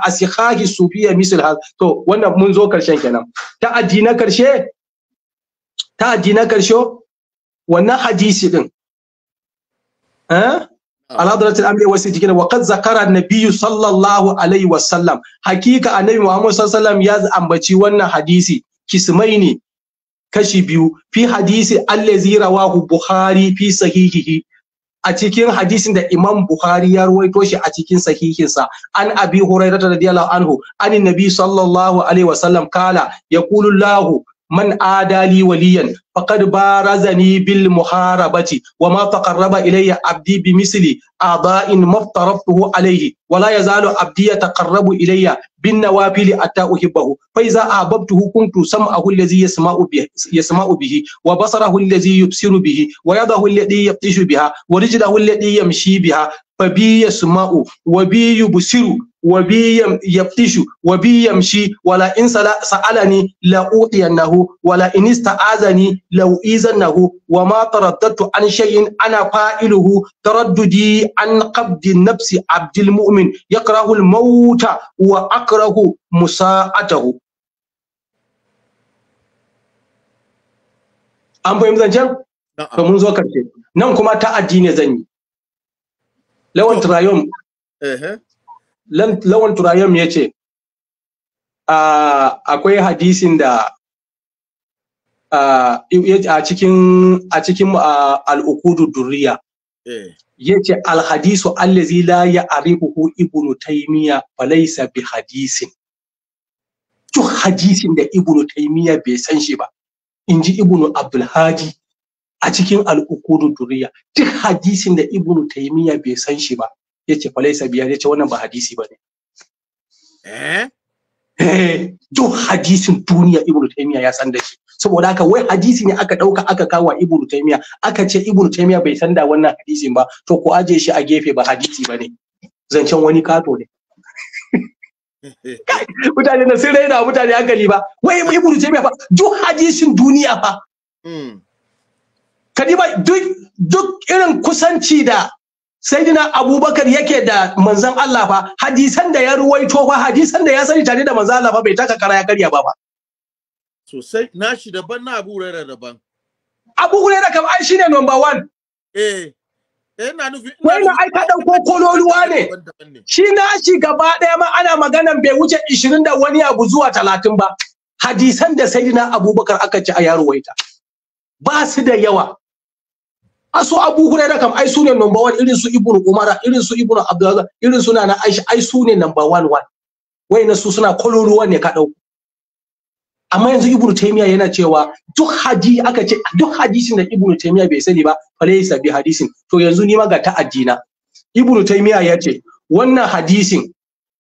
asihahi Sufiya, misal hal to wannan mun zo karshen kenan ta na karshe ta addina karshe wannan hadisi din eh على حضرة الأمر وسيتكنا Zakara ذكر النبي Sallallahu alaihi wa Sallam. Hakika annabi محمد صلى الله عليه وسلم يز أمبتي ونا kashi biyu fi hadisi allazi rawahu bukhari fi sahihihi a cikin hadisin da imam bukhari ya ruwaito shi a cikin sahihinsa an abi hurairah radiyallahu anhu an nabi sallallahu alaihi wasallam kala yaqulu allah من عادى لي وليا فقد بارزني بالمحاربة وما تقرب إلي عبدي بمثل أعضاء ما افترضته عليه ولا يزال عبدي يتقرب إلي بالنوافل حتى أحبه فإذا أحببته كنت سمعه الذي يسمع به يسمع به وبصره الذي يبصر به ويده الذي يبطش بها ورجله الذي يمشي بها fabi yasma'u wa bi yubsiru wa bi yaftishu wa bi yamshi wala in sa'alani la utiyannahu wala in ista'azani la uizannahu wa ma taraddadtu an shay'in ana fa'iluhu taraddudi an qabdi nafsi abdul mu'min yakrahu al mauta wa akrahu musa'atahu an fahimci zancen? to mun zo karshe nan kuma ta addini zan yi lawan turayom lawan turayom ya ce akwai hadisin da a cikin a cikin al'ukudu durriya eh. ya ce alhadisu allazi la ya arifuhu ibnu taymiya falaisa bi hadisin duk hadisin da ibnu taymiya bai san shi ba in ji ibnu abdulhaji a cikin al'ukudu duriya duk hadisin da ibnu taymiya bai san shi ba yace laysa biya yace wannan ba hadisi bane eh eh duk hadisin duniya ibnu taymiya ya san da shi saboda haka wai hadisi ne aka dauka aka kawo ibnu taymiya aka ce ibnu taymiya bai san da wannan hadisin ba to ko aje shi a gefe ba hadisi bane zancen wani kato ne *laughs* mutane na sun raina mutane hankali ba wai ibnu taymiya fa duk hadisin duniya fa hmm. kadiba duk duk irin kusanci da sayyidina abubakar yake da manzon Allah fa hadisan da ya ruwaito fa hadisan da ya sani tare da manzon Allah fa bai taka kara ya karya ba ba sosai nashi daban na Abu Hurairah daban Abu Hurairah kam ai shine number 1 eh, eh na nufi wannan ai ka dauko kololuwa ne shi nashi gaba daya ma ana magana bai wuce 20 da wani abu zuwa 30 ba hadisan da sayyidina abubakar aka ci a yaro waita ba su da yawa aso abu huraira kam ai sune number one irin su ibnu umara irin su ibnu abdullah irin su nana aisha ai sune number one one na su suna kololuwa ne ka dauko amma yanzu ibnu taymiya yana cewa duk haji aka ce duk hadisin da ibnu taymiya bai sani ba falaysa bi hadisin to yanzu ni ma ga ta'addina ibnu taymiya ya ce wannan hadisin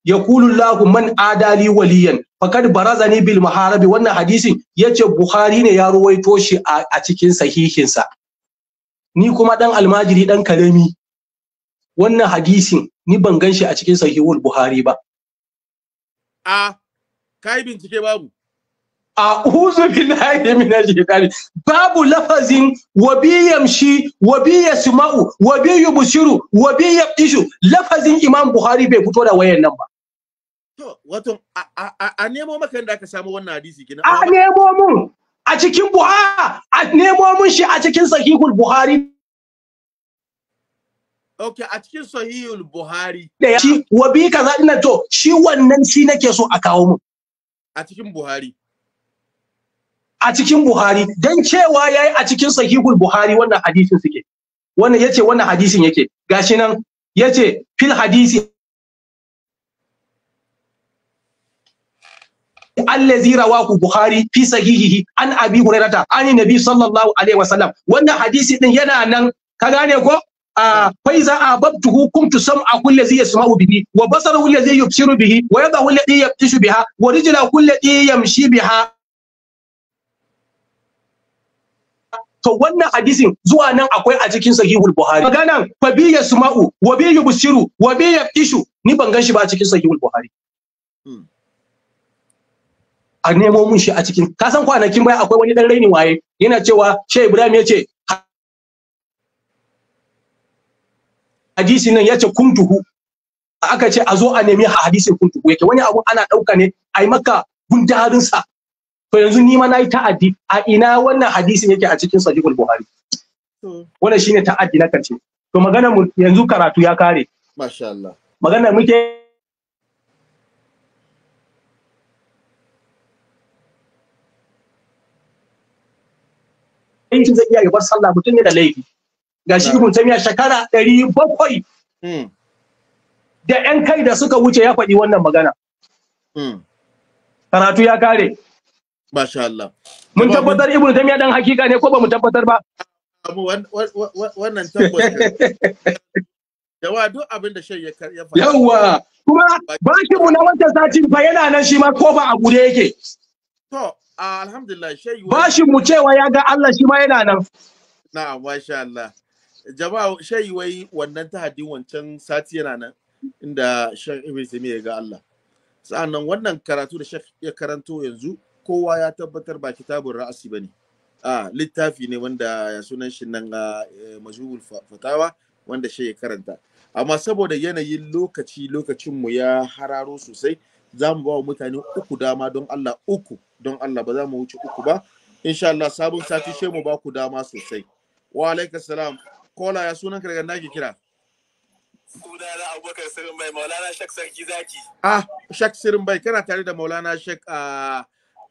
yaqulu allah man adali waliyan fakad barazani bil maharabi wannan hadisin yace bukhari ne ya ruwaito shi a cikin sahihinsa ni kuma dan almajiri dan karami wannan hadisin ni ban ganshi a cikin sahihul buhari ba a kai bincike babu a'udhu billahi minash shaitani babu lafazin wa bi yamshi wa bi yasma'u wa bi yubshiru wa bi yaqishu lafazin imam buhari bai fito da wayan nan ba to wato a nemo maka da aka samu wannan hadisi kina a nemo mun a cikin buha a nemo mun shi a cikin sahihul buhari Ok, a cikin sahihul buhari da ya wa bi kaza ina to shi wannan shi nake so a kawo mun a cikin buhari a cikin buhari dan cewa yayi a cikin sahihul buhari wannan hadisin suke wannan yace wannan hadisin yake gashi nan yace fil hadisi allazi rawahu bukhari fi sahihihi an abi hurairata an nabi sallallahu alaihi wasallam wannan hadisi din yana nan ka gane ko fa iza ababtuhu kuntu sam'a kulli zi yasma'u bihi wa basara kulli zi yubsiru bihi wa yada kulli zi yabtishu biha wa rijla kulli zi yamshi biha to wannan hadisin zuwa nan akwai a cikin sahihul bukhari magana fa bi yasma'u wa bi yubsiru wa bi yabtishu ni ban ganshi ba cikin sahihul bukhari a nemo mun shi a cikin ka san kwanakin baya akwai wani dan raini waye yana cewa she Ibrahim ya ce hadisi nan ya ce kuntuhu aka ce a zo a nemi hadisin kuntuhu yake wani abu ana dauka ne a yi maka gundarin sa to yanzu ni ma na yi ta'addi a ina wannan hadisin yake a cikin sahihul buhari wannan shine ta'addi na kace to maganar mu yanzu karatu ya kare masha Allah maganar muke aikin zai iya bar sallah mutum ne da laifi ga shi kun tamiya shekara ɗari bakwai hmm. da yan kai da suka wuce ya faɗi wannan magana hmm. karatu ya kare Masha Allah. Mun tabbatar Ibn Taymiya dan hakika ne ko ba mu tabbatar ba? Wannan tabbatar. *laughs* Yawa duk abin da shan ya Yawa. Kuma mu na wancan satin fa yana nan shi ma ko ba a gure yake. To, Ah, alhamdulillah shai bashi mu cewa ya ga Allah shi ma yana nan na'am masha Allah jama'a shai wai wannan tahaddi wancan sati yana nan inda shan ibn ya ga Allah sa'annan wannan karatu da shek ya karanto yanzu kowa ya tabbatar ba kitabun ra'asi bane a littafi ne wanda ya sunan shi nan e, majhul fatawa wanda shi ya karanta amma saboda yanayin lokaci lokacin mu ya hararo sosai za mu ba wa mutane uku dama don Allah uku don Allah ba za mu wuce uku ba insha Allah sabon sati she mu ba ku dama sosai wa alaikum salam kola ya sunan ka daga ki kira sunana Abubakar Sirin Bai Maulana Shek Sarki Zaki ah Shek Sirin Bai kana tare da Maulana Shek a ah,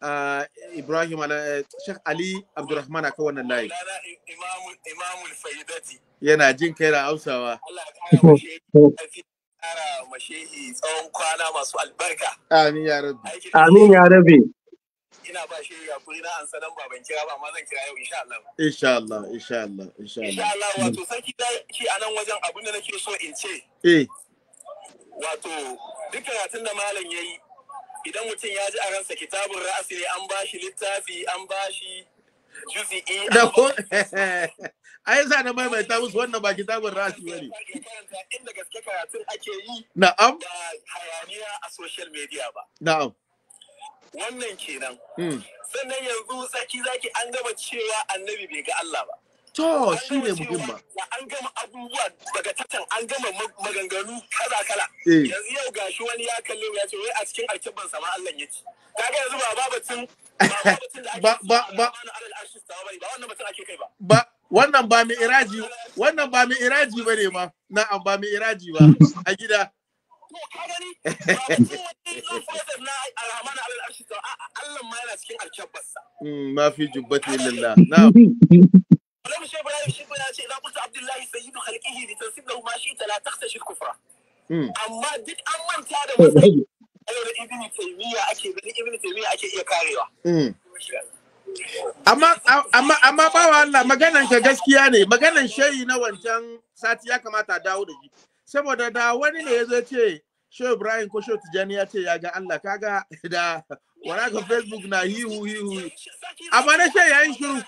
ah, Ibrahim ala eh, Shek Ali Abdulrahman aka wannan layi Imamul Faidati yana jin kai da Hausawa Allah ya ƙara mashehi tsawon kwana masu albarka. Amin ya rabi. Amin ya rabi. Ina ba shi yakuri na baban kira ba zan kira yau insha Allah. Insha Allah, insha Allah, insha Allah. Insha Allah wato sarki da a nan wajen abin da nake so in ce. Eh. Wato duk karatun da malam yayi idan mutum ya ji a ransa kitabun ra'asi ne an bashi littafi an bashi juzi'i. Da ko *laughs* ai yasa na maimaita musu wannan ba kitabun rashi bane inda yi na'am a social media ba na'am wannan kenan hmm. sannan yanzu tsaki zaki an gama cewa annabi bai ga Allah ba to shi ne muhim ba an gama abubuwa daga tatan an gama maganganu kala kala eh. yanzu yau gashi wani ya kalle ya ce wai a cikin alkibban sama Allah ci. kaga yanzu ba babatin ba babatin da ake ba ba ba ba ba ba ba ba ba ba wannan ba mai iraji wannan ba mai iraji ba ne ma ba mai iraji ba a gida na ma cikin mm, fi jubbati lillah *laughs* na'am ولم شيء بلا يشيب بلا شيء إذا قلت عبد الله سيد خلقه لتنسب له ما amma amma amma bawa Allah maganan ka gaskiya ne maganan shehi na wancan sati ya kamata a dawo da shi saboda da wani ne yazo ce Shehu Ibrahim ko Shehu Tijani ya ce ya ga Allah kaga da ga Facebook na hihu hihu amma na shehi yayin shiru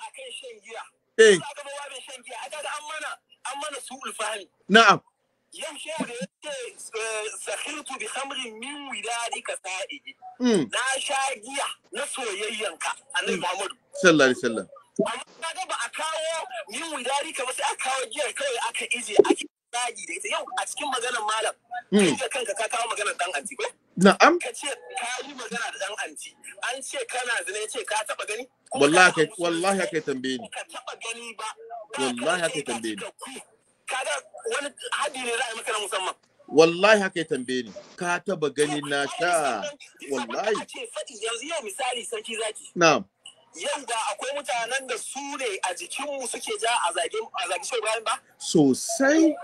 eh na'am yaushe da ya ce eh, sakirtu bi hamrin min widari ka sa'idi hmm. na sha giya na soyayyanka annabi hmm. Muhammadu sallallahu alaihi wasallam amma ga ba a kawo min widari ka ba sai a kawo giya kawai aka ije ake zagi da ita yau a cikin maganar malam hmm. kai da kanka ka kawo maganar dan anti ko na'am ka ce ka yi magana da dan anti an ce kana zina ya ce ka taba gani wallahi wallahi kai tambaye ni ka taba gani ba wallahi kai tambaye ni kaga wani hadi ne maka na musamman wallahi haka ya tambaye ni ka taba gani na sha wallahi yanzu yau misali sarki zaki na'am yau da akwai mutanen da su ne a jikinmu suke ja a zage a bayan ba sosai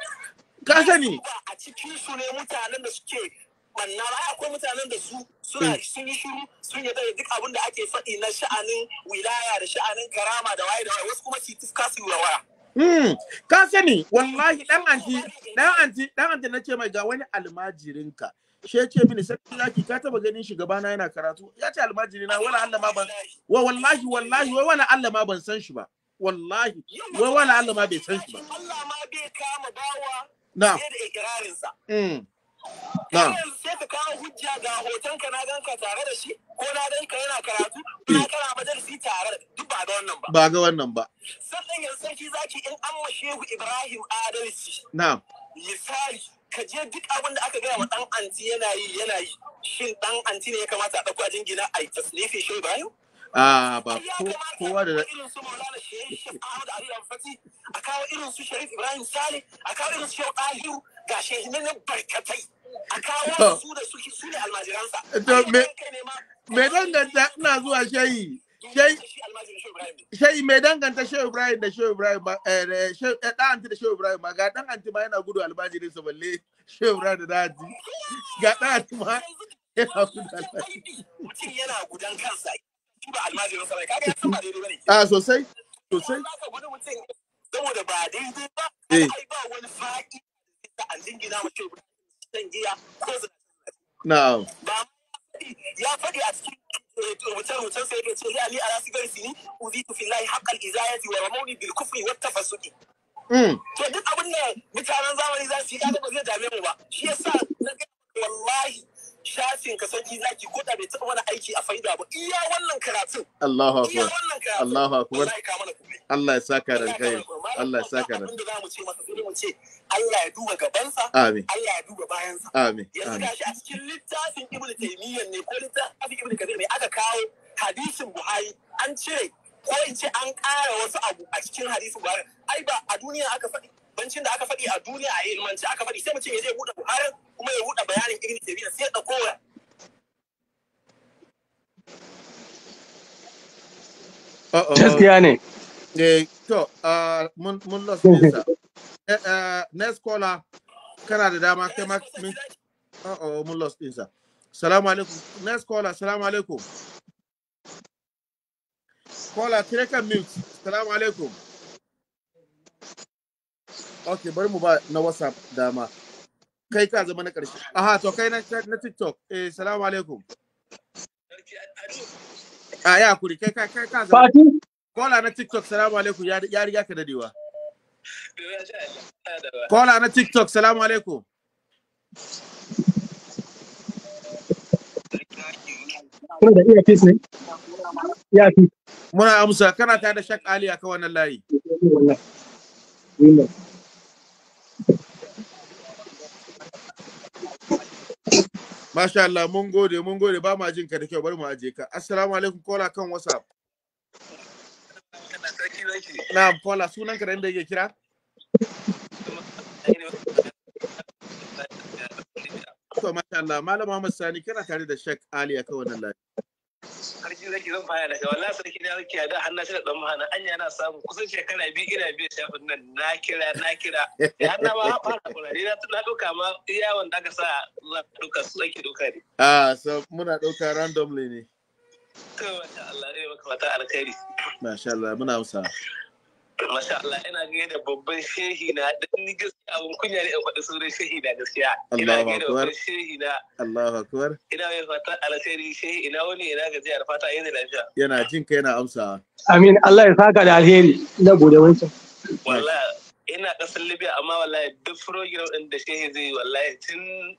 ka sani a cikin su ne mutanen da suke banna ba akwai mutanen da su suna mm. sun yi shiru sun yarda da duk abin da ake faɗi na sha'anin wilaya da sha'anin karama da waye da waye wasu kuma su tuska su yi wawara Mm. Ka sani wallahi dan anti dan anti dan anti nace mai ga wani almajirinka. She ce mini sarki zaki ka taba ganin shugabana yana karatu. Ya ce almajiri na wala Allah ma ban wa wallahi wallahi wai wala Allah ma ban san shi ba. Wallahi wai wala Allah ma bai san shi ba. Allah ma bai kama bawa. Na. Da ikirarin sa. Mm. sai ka kawo hujja ga hoton ka na ganka tare da shi ko na yana karatu na kana majalisi tare duk ba ga wannan ba ba ga wannan ba sannan yanzu sarki zaki in an ma shehu ibrahim adalci na'am misali ka je duk abin da aka gaya wa dan anti yana yi yana yi shin dan anti ne ya kamata a dauko a jingina a tasnifi shehu ibrahim Ah, a ba kowa da a da me danganta ina zuwa shehi Shai me danganta Shehu Ibrahim da Shehu Ibrahim ba eh da eh, anti da Shehu Ibrahim ba ga dan anti ma yana gudu almajirin sa balle Shehu Ibrahim da dadi ga dan anti ma *laughs* yana gudu almajirin mutum yana gudan kansa tura almajirin sa kaga ya san ba daidai bane a ah, sosai sosai wani mutum saboda ba daidai ba eh. ai ba wani faki da san giya ko ba ya faɗi a cikin rubuce-rubucen sai ya ce ya ali ala sigar sini uzitu fillahi haqqal izayati wa ramuni bil kufri mm. to duk abin da mutanen zamani za su yi ba zai dame mu ba shi yasa na wallahi shafin ka sarki zaki ko da bai taɓa wani aiki a faida ba iya wannan karatun Allahu akbar Allahu akbar Allah ya saka ran kai Allah ya saka ran da zamu ce masa mu ce Allah ya duba gabansa amin Allah ya duba bayansa amin yanzu gashi a cikin littafin Ibn Taymiyyah ne ko littafin Ibn Kathir ne aka kawo hadisin Buhari an cire ko in ce an ƙara wasu abu a cikin hadisin Buhari ai ba a duniya aka faɗi bancin da aka faɗi a duniya a ilmanci aka faɗi sai mutum ya zai buɗe buharin kuma ya buɗe bayanin ibn tabiya sai da kowa gaskiya ne eh, to uh, mun mun lost eh, uh, next caller kana da dama kai ma uh oh mun los sa salamu alaikum next caller salamu alaikum caller kire kan mute salamu alaikum ok bari mu ba na whatsapp dama kai ka zama na ƙarshe aha to kai na na tiktok eh salamu alaikum a ya kuri kai ka kai ka zama kola na tiktok salamu alaikum ya ya riga ka dadewa *laughs* kola na tiktok salamu alaikum Muna amsa kana ta da shak Ali a wannan layi. tranquilo. Masha Allah mun gode mun gode ba ma jin ka da kyau bari mu aje ka. Assalamu alaikum kola kan WhatsApp. Na'am kola sunan ka da inda yake kira? To masha Allah Malam Muhammad Sani kana tare da Sheikh Ali akan wannan lafiya. sarki zaki zan fara daga wallahi sarki na zaki da hannu shi da dan mahana anya na samu kusan shekara biyu ina biyu shafin nan na kira na kira ya hannu ma fara kurare na tuna duka ma iya wanda aka sa za duka su zaki duka ne ah so muna dauka randomly ne to masha Allah ne maka fata alkhairi masha Allah muna musa Masha Allah ina gaida da babban shehi na dan ni gaskiya abun kunya ne in faɗi sunan shehi na gaskiya. Ina gaida da babban shehi na. Ina mai fata alheri shehi ina wani ina gajiya da fata yana lafiya. Yana jin kai yana amsawa. Amin Allah ya saka da alheri na gode wancan. Wallahi ina kasar Libya amma wallahi duk program din da shehi zai wallahi tun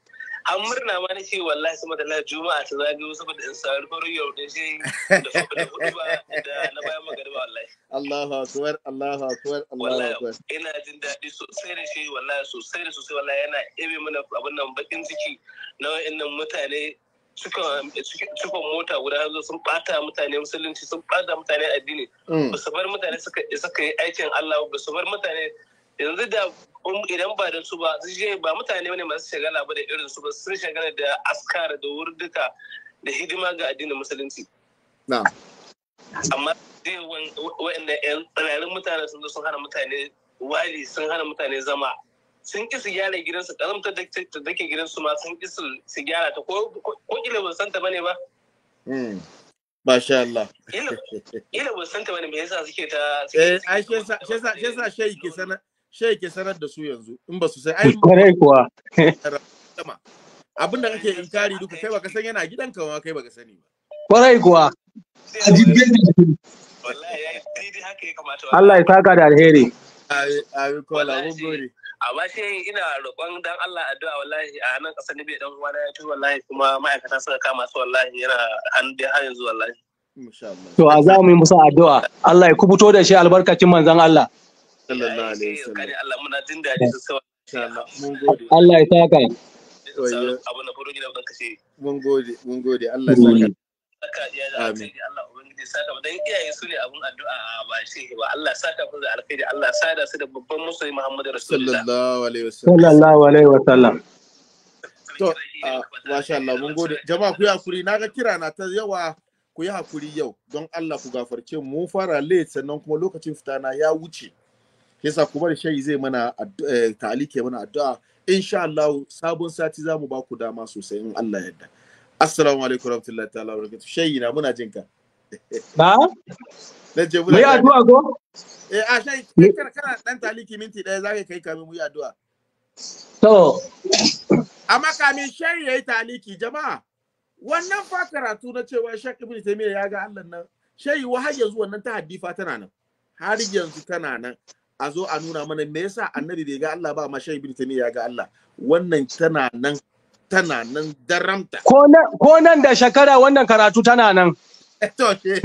an murna ma nake wallahi sama da la juma'a ta zagayo saboda in sauri farin yau da shi da hudu ba da na bayan magariba wallahi Allahu akbar Allahu akbar Allahu akbar ina jin daɗi sosai da shi wallahi sosai da sosai wallahi yana ebe mana abin nan bakin ciki na wayannan mutane suka mota guda hanzo sun bata mutane musulunci sun bata mutane addini mm. ba su bar mutane suka yi aikin Allah ba su bar mutane yanzu da idan ba da su ba ba mutane ne masu shagala ba da irin su ba sun shagala da askar da wurduka da hidima ga addinin musulunci amma zai wa'anda yan tsanarin mutane sun zo sun hana mutane wali sun hana mutane zama sun ki su gyara gidansu ƙaramta da take gidansu ma sun ki su gyara ta ko kila ba santa ba ne hmm. ba Masha Allah. Ila ba santa ba ne me yasa suke ta Eh ai shi yasa shi yasa shi yasa ke sana shi ke sanar da su yanzu in ba su sai ai kare kuwa abin da kake inkari duka kai baka san yana gidanka ma kai baka sani ba kwarai kuwa a jirgin da Allah ya saka da alheri abi kola mun gode amma shi ina roƙon dan Allah addu'a wallahi a nan ƙasar Libya dan uwana ya tuba wallahi kuma ma'aikata suka kama su wallahi yana hannu har yanzu wallahi to a za mu yi musa addu'a Allah ya kubuto da shi albarkacin manzon Allah sallallahu alaihi wasallam Allah muna Allah ya saka abu na furo gida ka ce mun gode mun gode Allah ya saka amin Allah ubangiji saka dan iyaye su ne abun addu'a ba shi ba Allah saka mu da alkhairi Allah sada su da babban musulmi Muhammadu Rasulullah sallallahu alaihi wasallam sallallahu alaihi wasallam to masha Allah mun gode jama'a ku ya kuri na ga kira na ta yawa ku yi hakuri yau don Allah ku gafarce mu fara late sannan kuma lokacin fitana ya wuce yasa kuma da shayi zai mana eh, ke mana addu'a insha Allah sabon sati za mu ba ku dama sosai in Allah yadda assalamu alaikum warahmatullahi ta'ala barakatuh shayi na muna jinka ba na je mu yi addu'a ko eh a ah, shayi kana kana dan taliki minti daya zaka kai kamin mu yi addu'a to amma kamin shayi yayi taliki jama'a wannan fa karatu na cewa Sheikh Ibn Taymiyyah ya ga Allah nan shayi wa har yanzu wannan ta haddifa tana nan har yanzu tana nan a zo a nuna mana me yasa annabi bai ga Allah ba amma shehu ibn taymiya ya ga Allah wannan tana nan tana nan daramta ko nan ko nan da shekara wannan karatu tana nan *laughs* to ke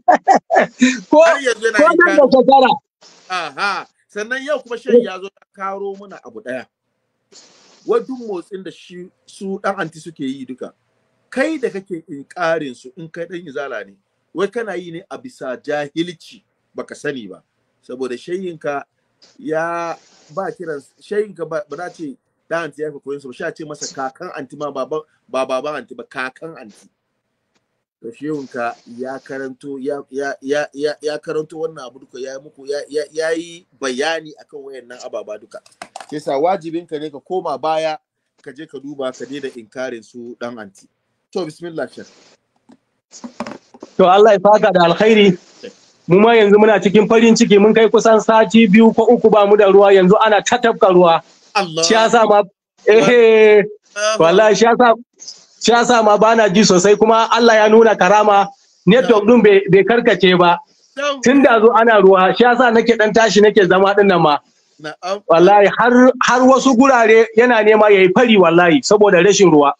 *laughs* ko ko nan da shekara aha sannan yau kuma shehu ya zo ya karo mana abu daya wadun motsin da shi su dan anti suke yi duka kai da kake inkarin su in kai dan izala ne wai kana yi ne a bisa jahilci baka sani ba saboda shayinka ya ba kiran shayinka ba za ce da anti ya fi koyinsa ba sha ce masa kakan anti ma ba baban anti ba kakan anti to shehunka ya karanto ya karanto wannan abu duka ya muku ya yi bayani akan wayannan ababa duka Ke sa wajibin ka ne ka koma baya ka je ka duba ka da inkarin su dan anti to bismillah shan. to Allah ya faka da alkhairi mu ma yanzu muna cikin farin ciki mun kai kusan sati biyu ko uku ba mu da ruwa yanzu ana ta tafka ruwa shi yasa ma eh wallahi shi yasa shi yasa ma bana ji sosai kuma Allah ya nuna karama network din bai karkace ba tun da zo ana ruwa shi yasa nake dan tashi nake zama din nan ma wallahi har har wasu gurare yana nema yayi fari wallahi saboda rashin ruwa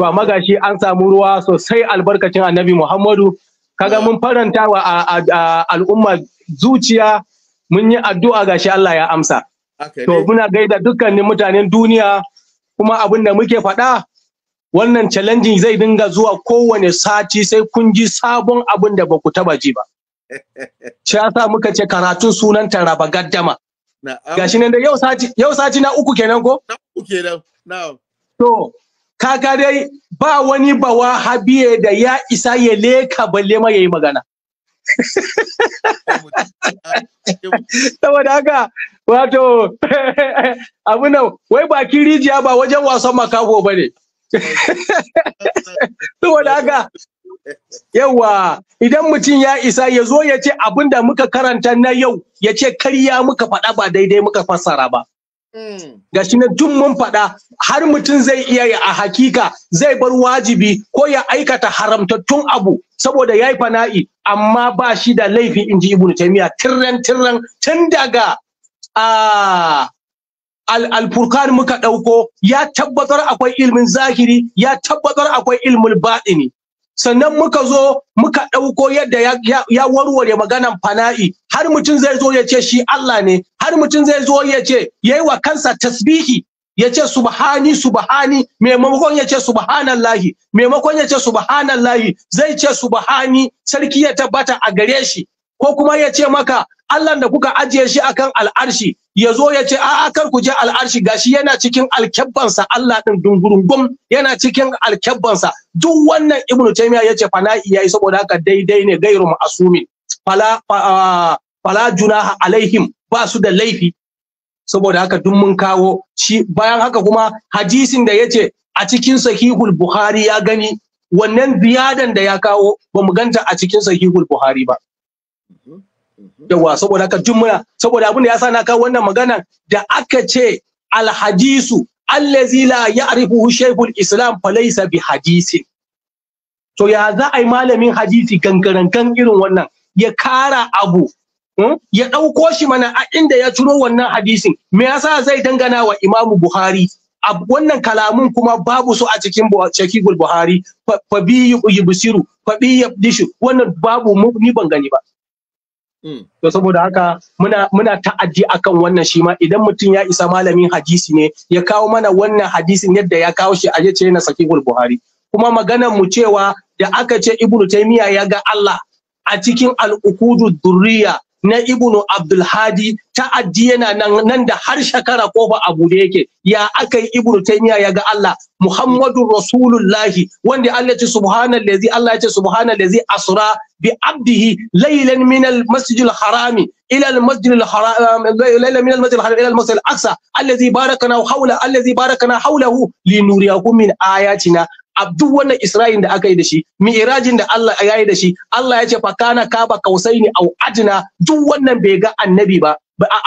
to amma gashi an samu ruwa sosai albarkacin Annabi Muhammadu kaga mun faranta wa al'umma zuciya mun yi addu'a shi Allah ya amsa to muna gaida dukkanin mutanen duniya kuma abin da muke faɗa wannan challenging zai dinga zuwa kowane sati sai kun ji sabon abin da ba taba ji ba *laughs* shi yasa muka ce karatun sunan taraba gaddama gashi nan da yau sati na uku kenan ko na uku kenan to kaga dai ba wani bawa habiye da ya isa ya leka balle ma yayi magana saboda haka wato abu nan wai ba rijiya ba wajen wasan makafo ba ne saboda haka yawa idan mutum ya isa ya zo ya ce abin da muka karanta na yau ya ce karya muka faɗa ba daidai muka fassara ba Mm. gashi na duk mun faɗa har mutum zai iya ya a hakika zai bar wajibi ko ya aikata haramtattun abu saboda yayi fana'i amma ba shi da laifi ji ibnu taymiya tirren tirren tun daga al-furqan muka ɗauko ya tabbatar akwai ilmin zahiri ya tabbatar akwai ilmul baɗini sannan muka zo muka ɗauko yadda ya, warware maganan fana'i har mutum zai zo ya ce shi Allah ne har mutum zai zo ya ce ya yi wa kansa tasbihi ya ce subhani subhani maimakon ya ce subhanallahi maimakon ya ce subhanallahi zai ce subhani sarki ya tabbata a gare shi ko kuma ya ce maka Allah da kuka ajiye shi akan al'arshi ya zo ya ce a'a kar ku je al'arshi gashi yana cikin alkyabbansa Allah din dungurungum yana cikin alkyabbansa duk wannan ibnu taymiya yace Fana'i yayi saboda haka daidai ne gairu ma'asumin fala fala junaha alaihim ba su da laifi saboda haka duk mun kawo shi bayan haka kuma hadisin da yace a cikin sahihul bukhari ya gani wannan ziyadan da ya kawo bamu ganta a cikin sahihul bukhari ba mhm. Mhm. yawa saboda haka duk saboda abin da ya sa na kawo wannan magana da aka ce alhadisu allazi la ya'rifuhu shaykhul islam laysa bi hadisin to ya za a yi malamin hadisi gangarankan irin wannan ya kara abu hmm? ya ɗauko shi mana a inda ya ciro wannan hadisin me yasa zai dangana wa imamu buhari wannan kalamun kuma babu su a cikin shakibul buhari fa bi yubsiru fa bi yabdishu wannan babu ni ban gani ba Mm. To saboda haka muna muna ta'addi akan wannan shi ma idan mutum ya isa malamin hadisi ne ya kawo mana wannan hadisin yadda ya kawo shi a ce na sahihul Buhari. Kuma maganar mu cewa da aka ce Ibnu Taymiya ya ga Allah a cikin al'ukudu durriya na ibnu abdulhadi ta'addi yana nan da har shekara ko ba a bude yake ya aka yi ibnu taymiya ya ga Allah muhammadun rasulullahi wanda Allah ce subhanallazi Allah ce subhanallazi asra bi abdihi laylan min almasjidil harami ila almasjidil haram laylan min almasjidil haram ila almasjidil aqsa allazi barakana hawla allazi barakana hawlahu linuriyakum min ayatina a duk wannan isra'in da aka yi da shi mirajin da Allah ya yi da shi Allah ya ce fa kana kaba kausaini au adna duk wannan bai ga annabi ba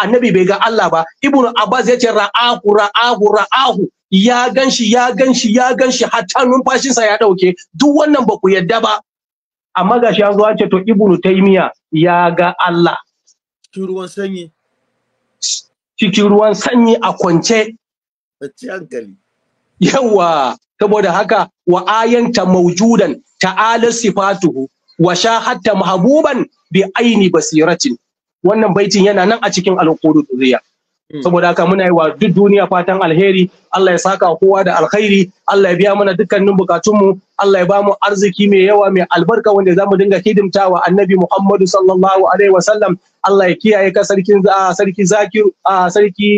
annabi bai ga Allah ba ibnu abbas ya ce ra'ahu ra'ahu ra'ahu ya ganshi ya ganshi ya ganshi hatta numfashinsa ya dauke duk wannan ba ku yadda ba amma gashi an zo an ce to ibnu taymiya ya ga Allah cikin ruwan sanyi cikin ruwan sanyi a kwance hankali yawa saboda haka wa ayanta maujudan ta'ala sifatuhu wa shahatta mahbuban bi aini basiratin wannan baitin yana nan a cikin alƙudu duriya hmm. saboda haka muna yi wa duk duniya fatan alheri Allah ya saka kowa da alkhairi Allah ya biya mana dukkanin bukatunmu Allah ya ba mu arziki mai yawa mai albarka wanda za mu dinga hidimta annabi Muhammadu sallallahu alaihi wasallam Allah ya kiyaye ka sarki zaki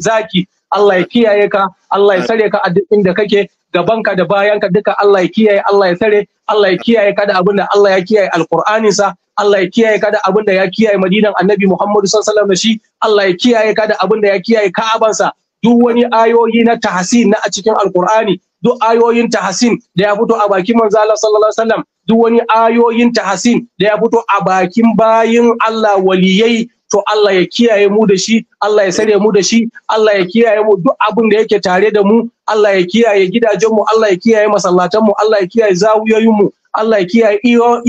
zaki Allah ya kiyaye ka Allah ya sare ka a duk inda kake gabanka da bayanka duka Allah ya kiyaye Allah ya sare Allah ya kiyaye ka da abin da Allah ya kiyaye alqur'anin sa Allah ya kiyaye ka da abin da ya kiyaye madinan annabi Muhammadu sallallahu alaihi shi Allah ya kiyaye ka da abin da ya kiyaye ka'aban sa duk wani ayoyi na tahsin na a cikin alqur'ani duk ayoyin tahsin da ya fito a bakin manzo Allah sallallahu alaihi wasallam duk wani ayoyin tahsin da ya fito a bakin bayin Allah waliyai to Allah ya kiyaye mu da shi Allah ya sare mu da shi Allah ya kiyaye mu duk abin da yake tare da mu Allah ya kiyaye gidajenmu Allah ya kiyaye masallatanmu Allah ya kiyaye zawuyoyinmu, Allah ya kiyaye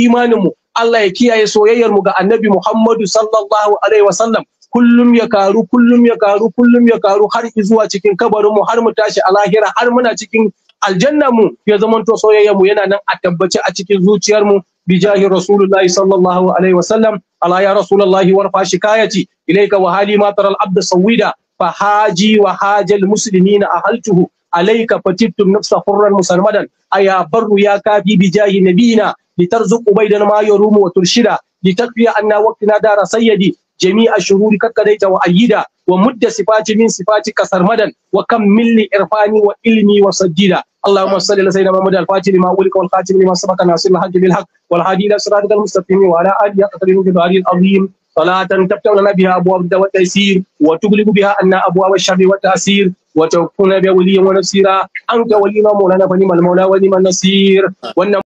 imaninmu Allah ya kiyaye soyayyarmu ga annabi Muhammadu sallallahu alaihi wasallam kullum ya karu kullum ya karu kullum ya karu har zuwa cikin kabarinmu har mu tashi a lahira har muna cikin aljanna mu ya zamanto soyayya mu yana nan a tabbaci a cikin zuciyar mu بجاه رسول الله صلى الله عليه وسلم على يا رسول الله ورفع شكايتي إليك وحالي ما ترى العبد سويدا فحاجي وحاج المسلمين أهلته عليك فتبت النفس حرا مسلمدا أيا بر يا كافي بجاه نبينا لترزق بيننا ما يروم وترشدا لتكفي أن وقتنا دار سيدي جميع الشرور قد قضيت وأيدا wa mudda sifati min sifati kasar madan wa kam milli irfani wa ilmi wa sajida اللهم صل على سيدنا محمد الفاتح لما أغلق والخاتم لما سبق ناصر الحق بالحق والهادي إلى صراطك المستقيم وعلى آله قدره بالعلي العظيم صلاة تفتح لنا بها أبواب الدواء والتيسير وتغلق بها أن أبواب الشر والتأثير وتكون بوليا ونصيرا أنت ولينا مولانا فنعم المولى ونعم النصير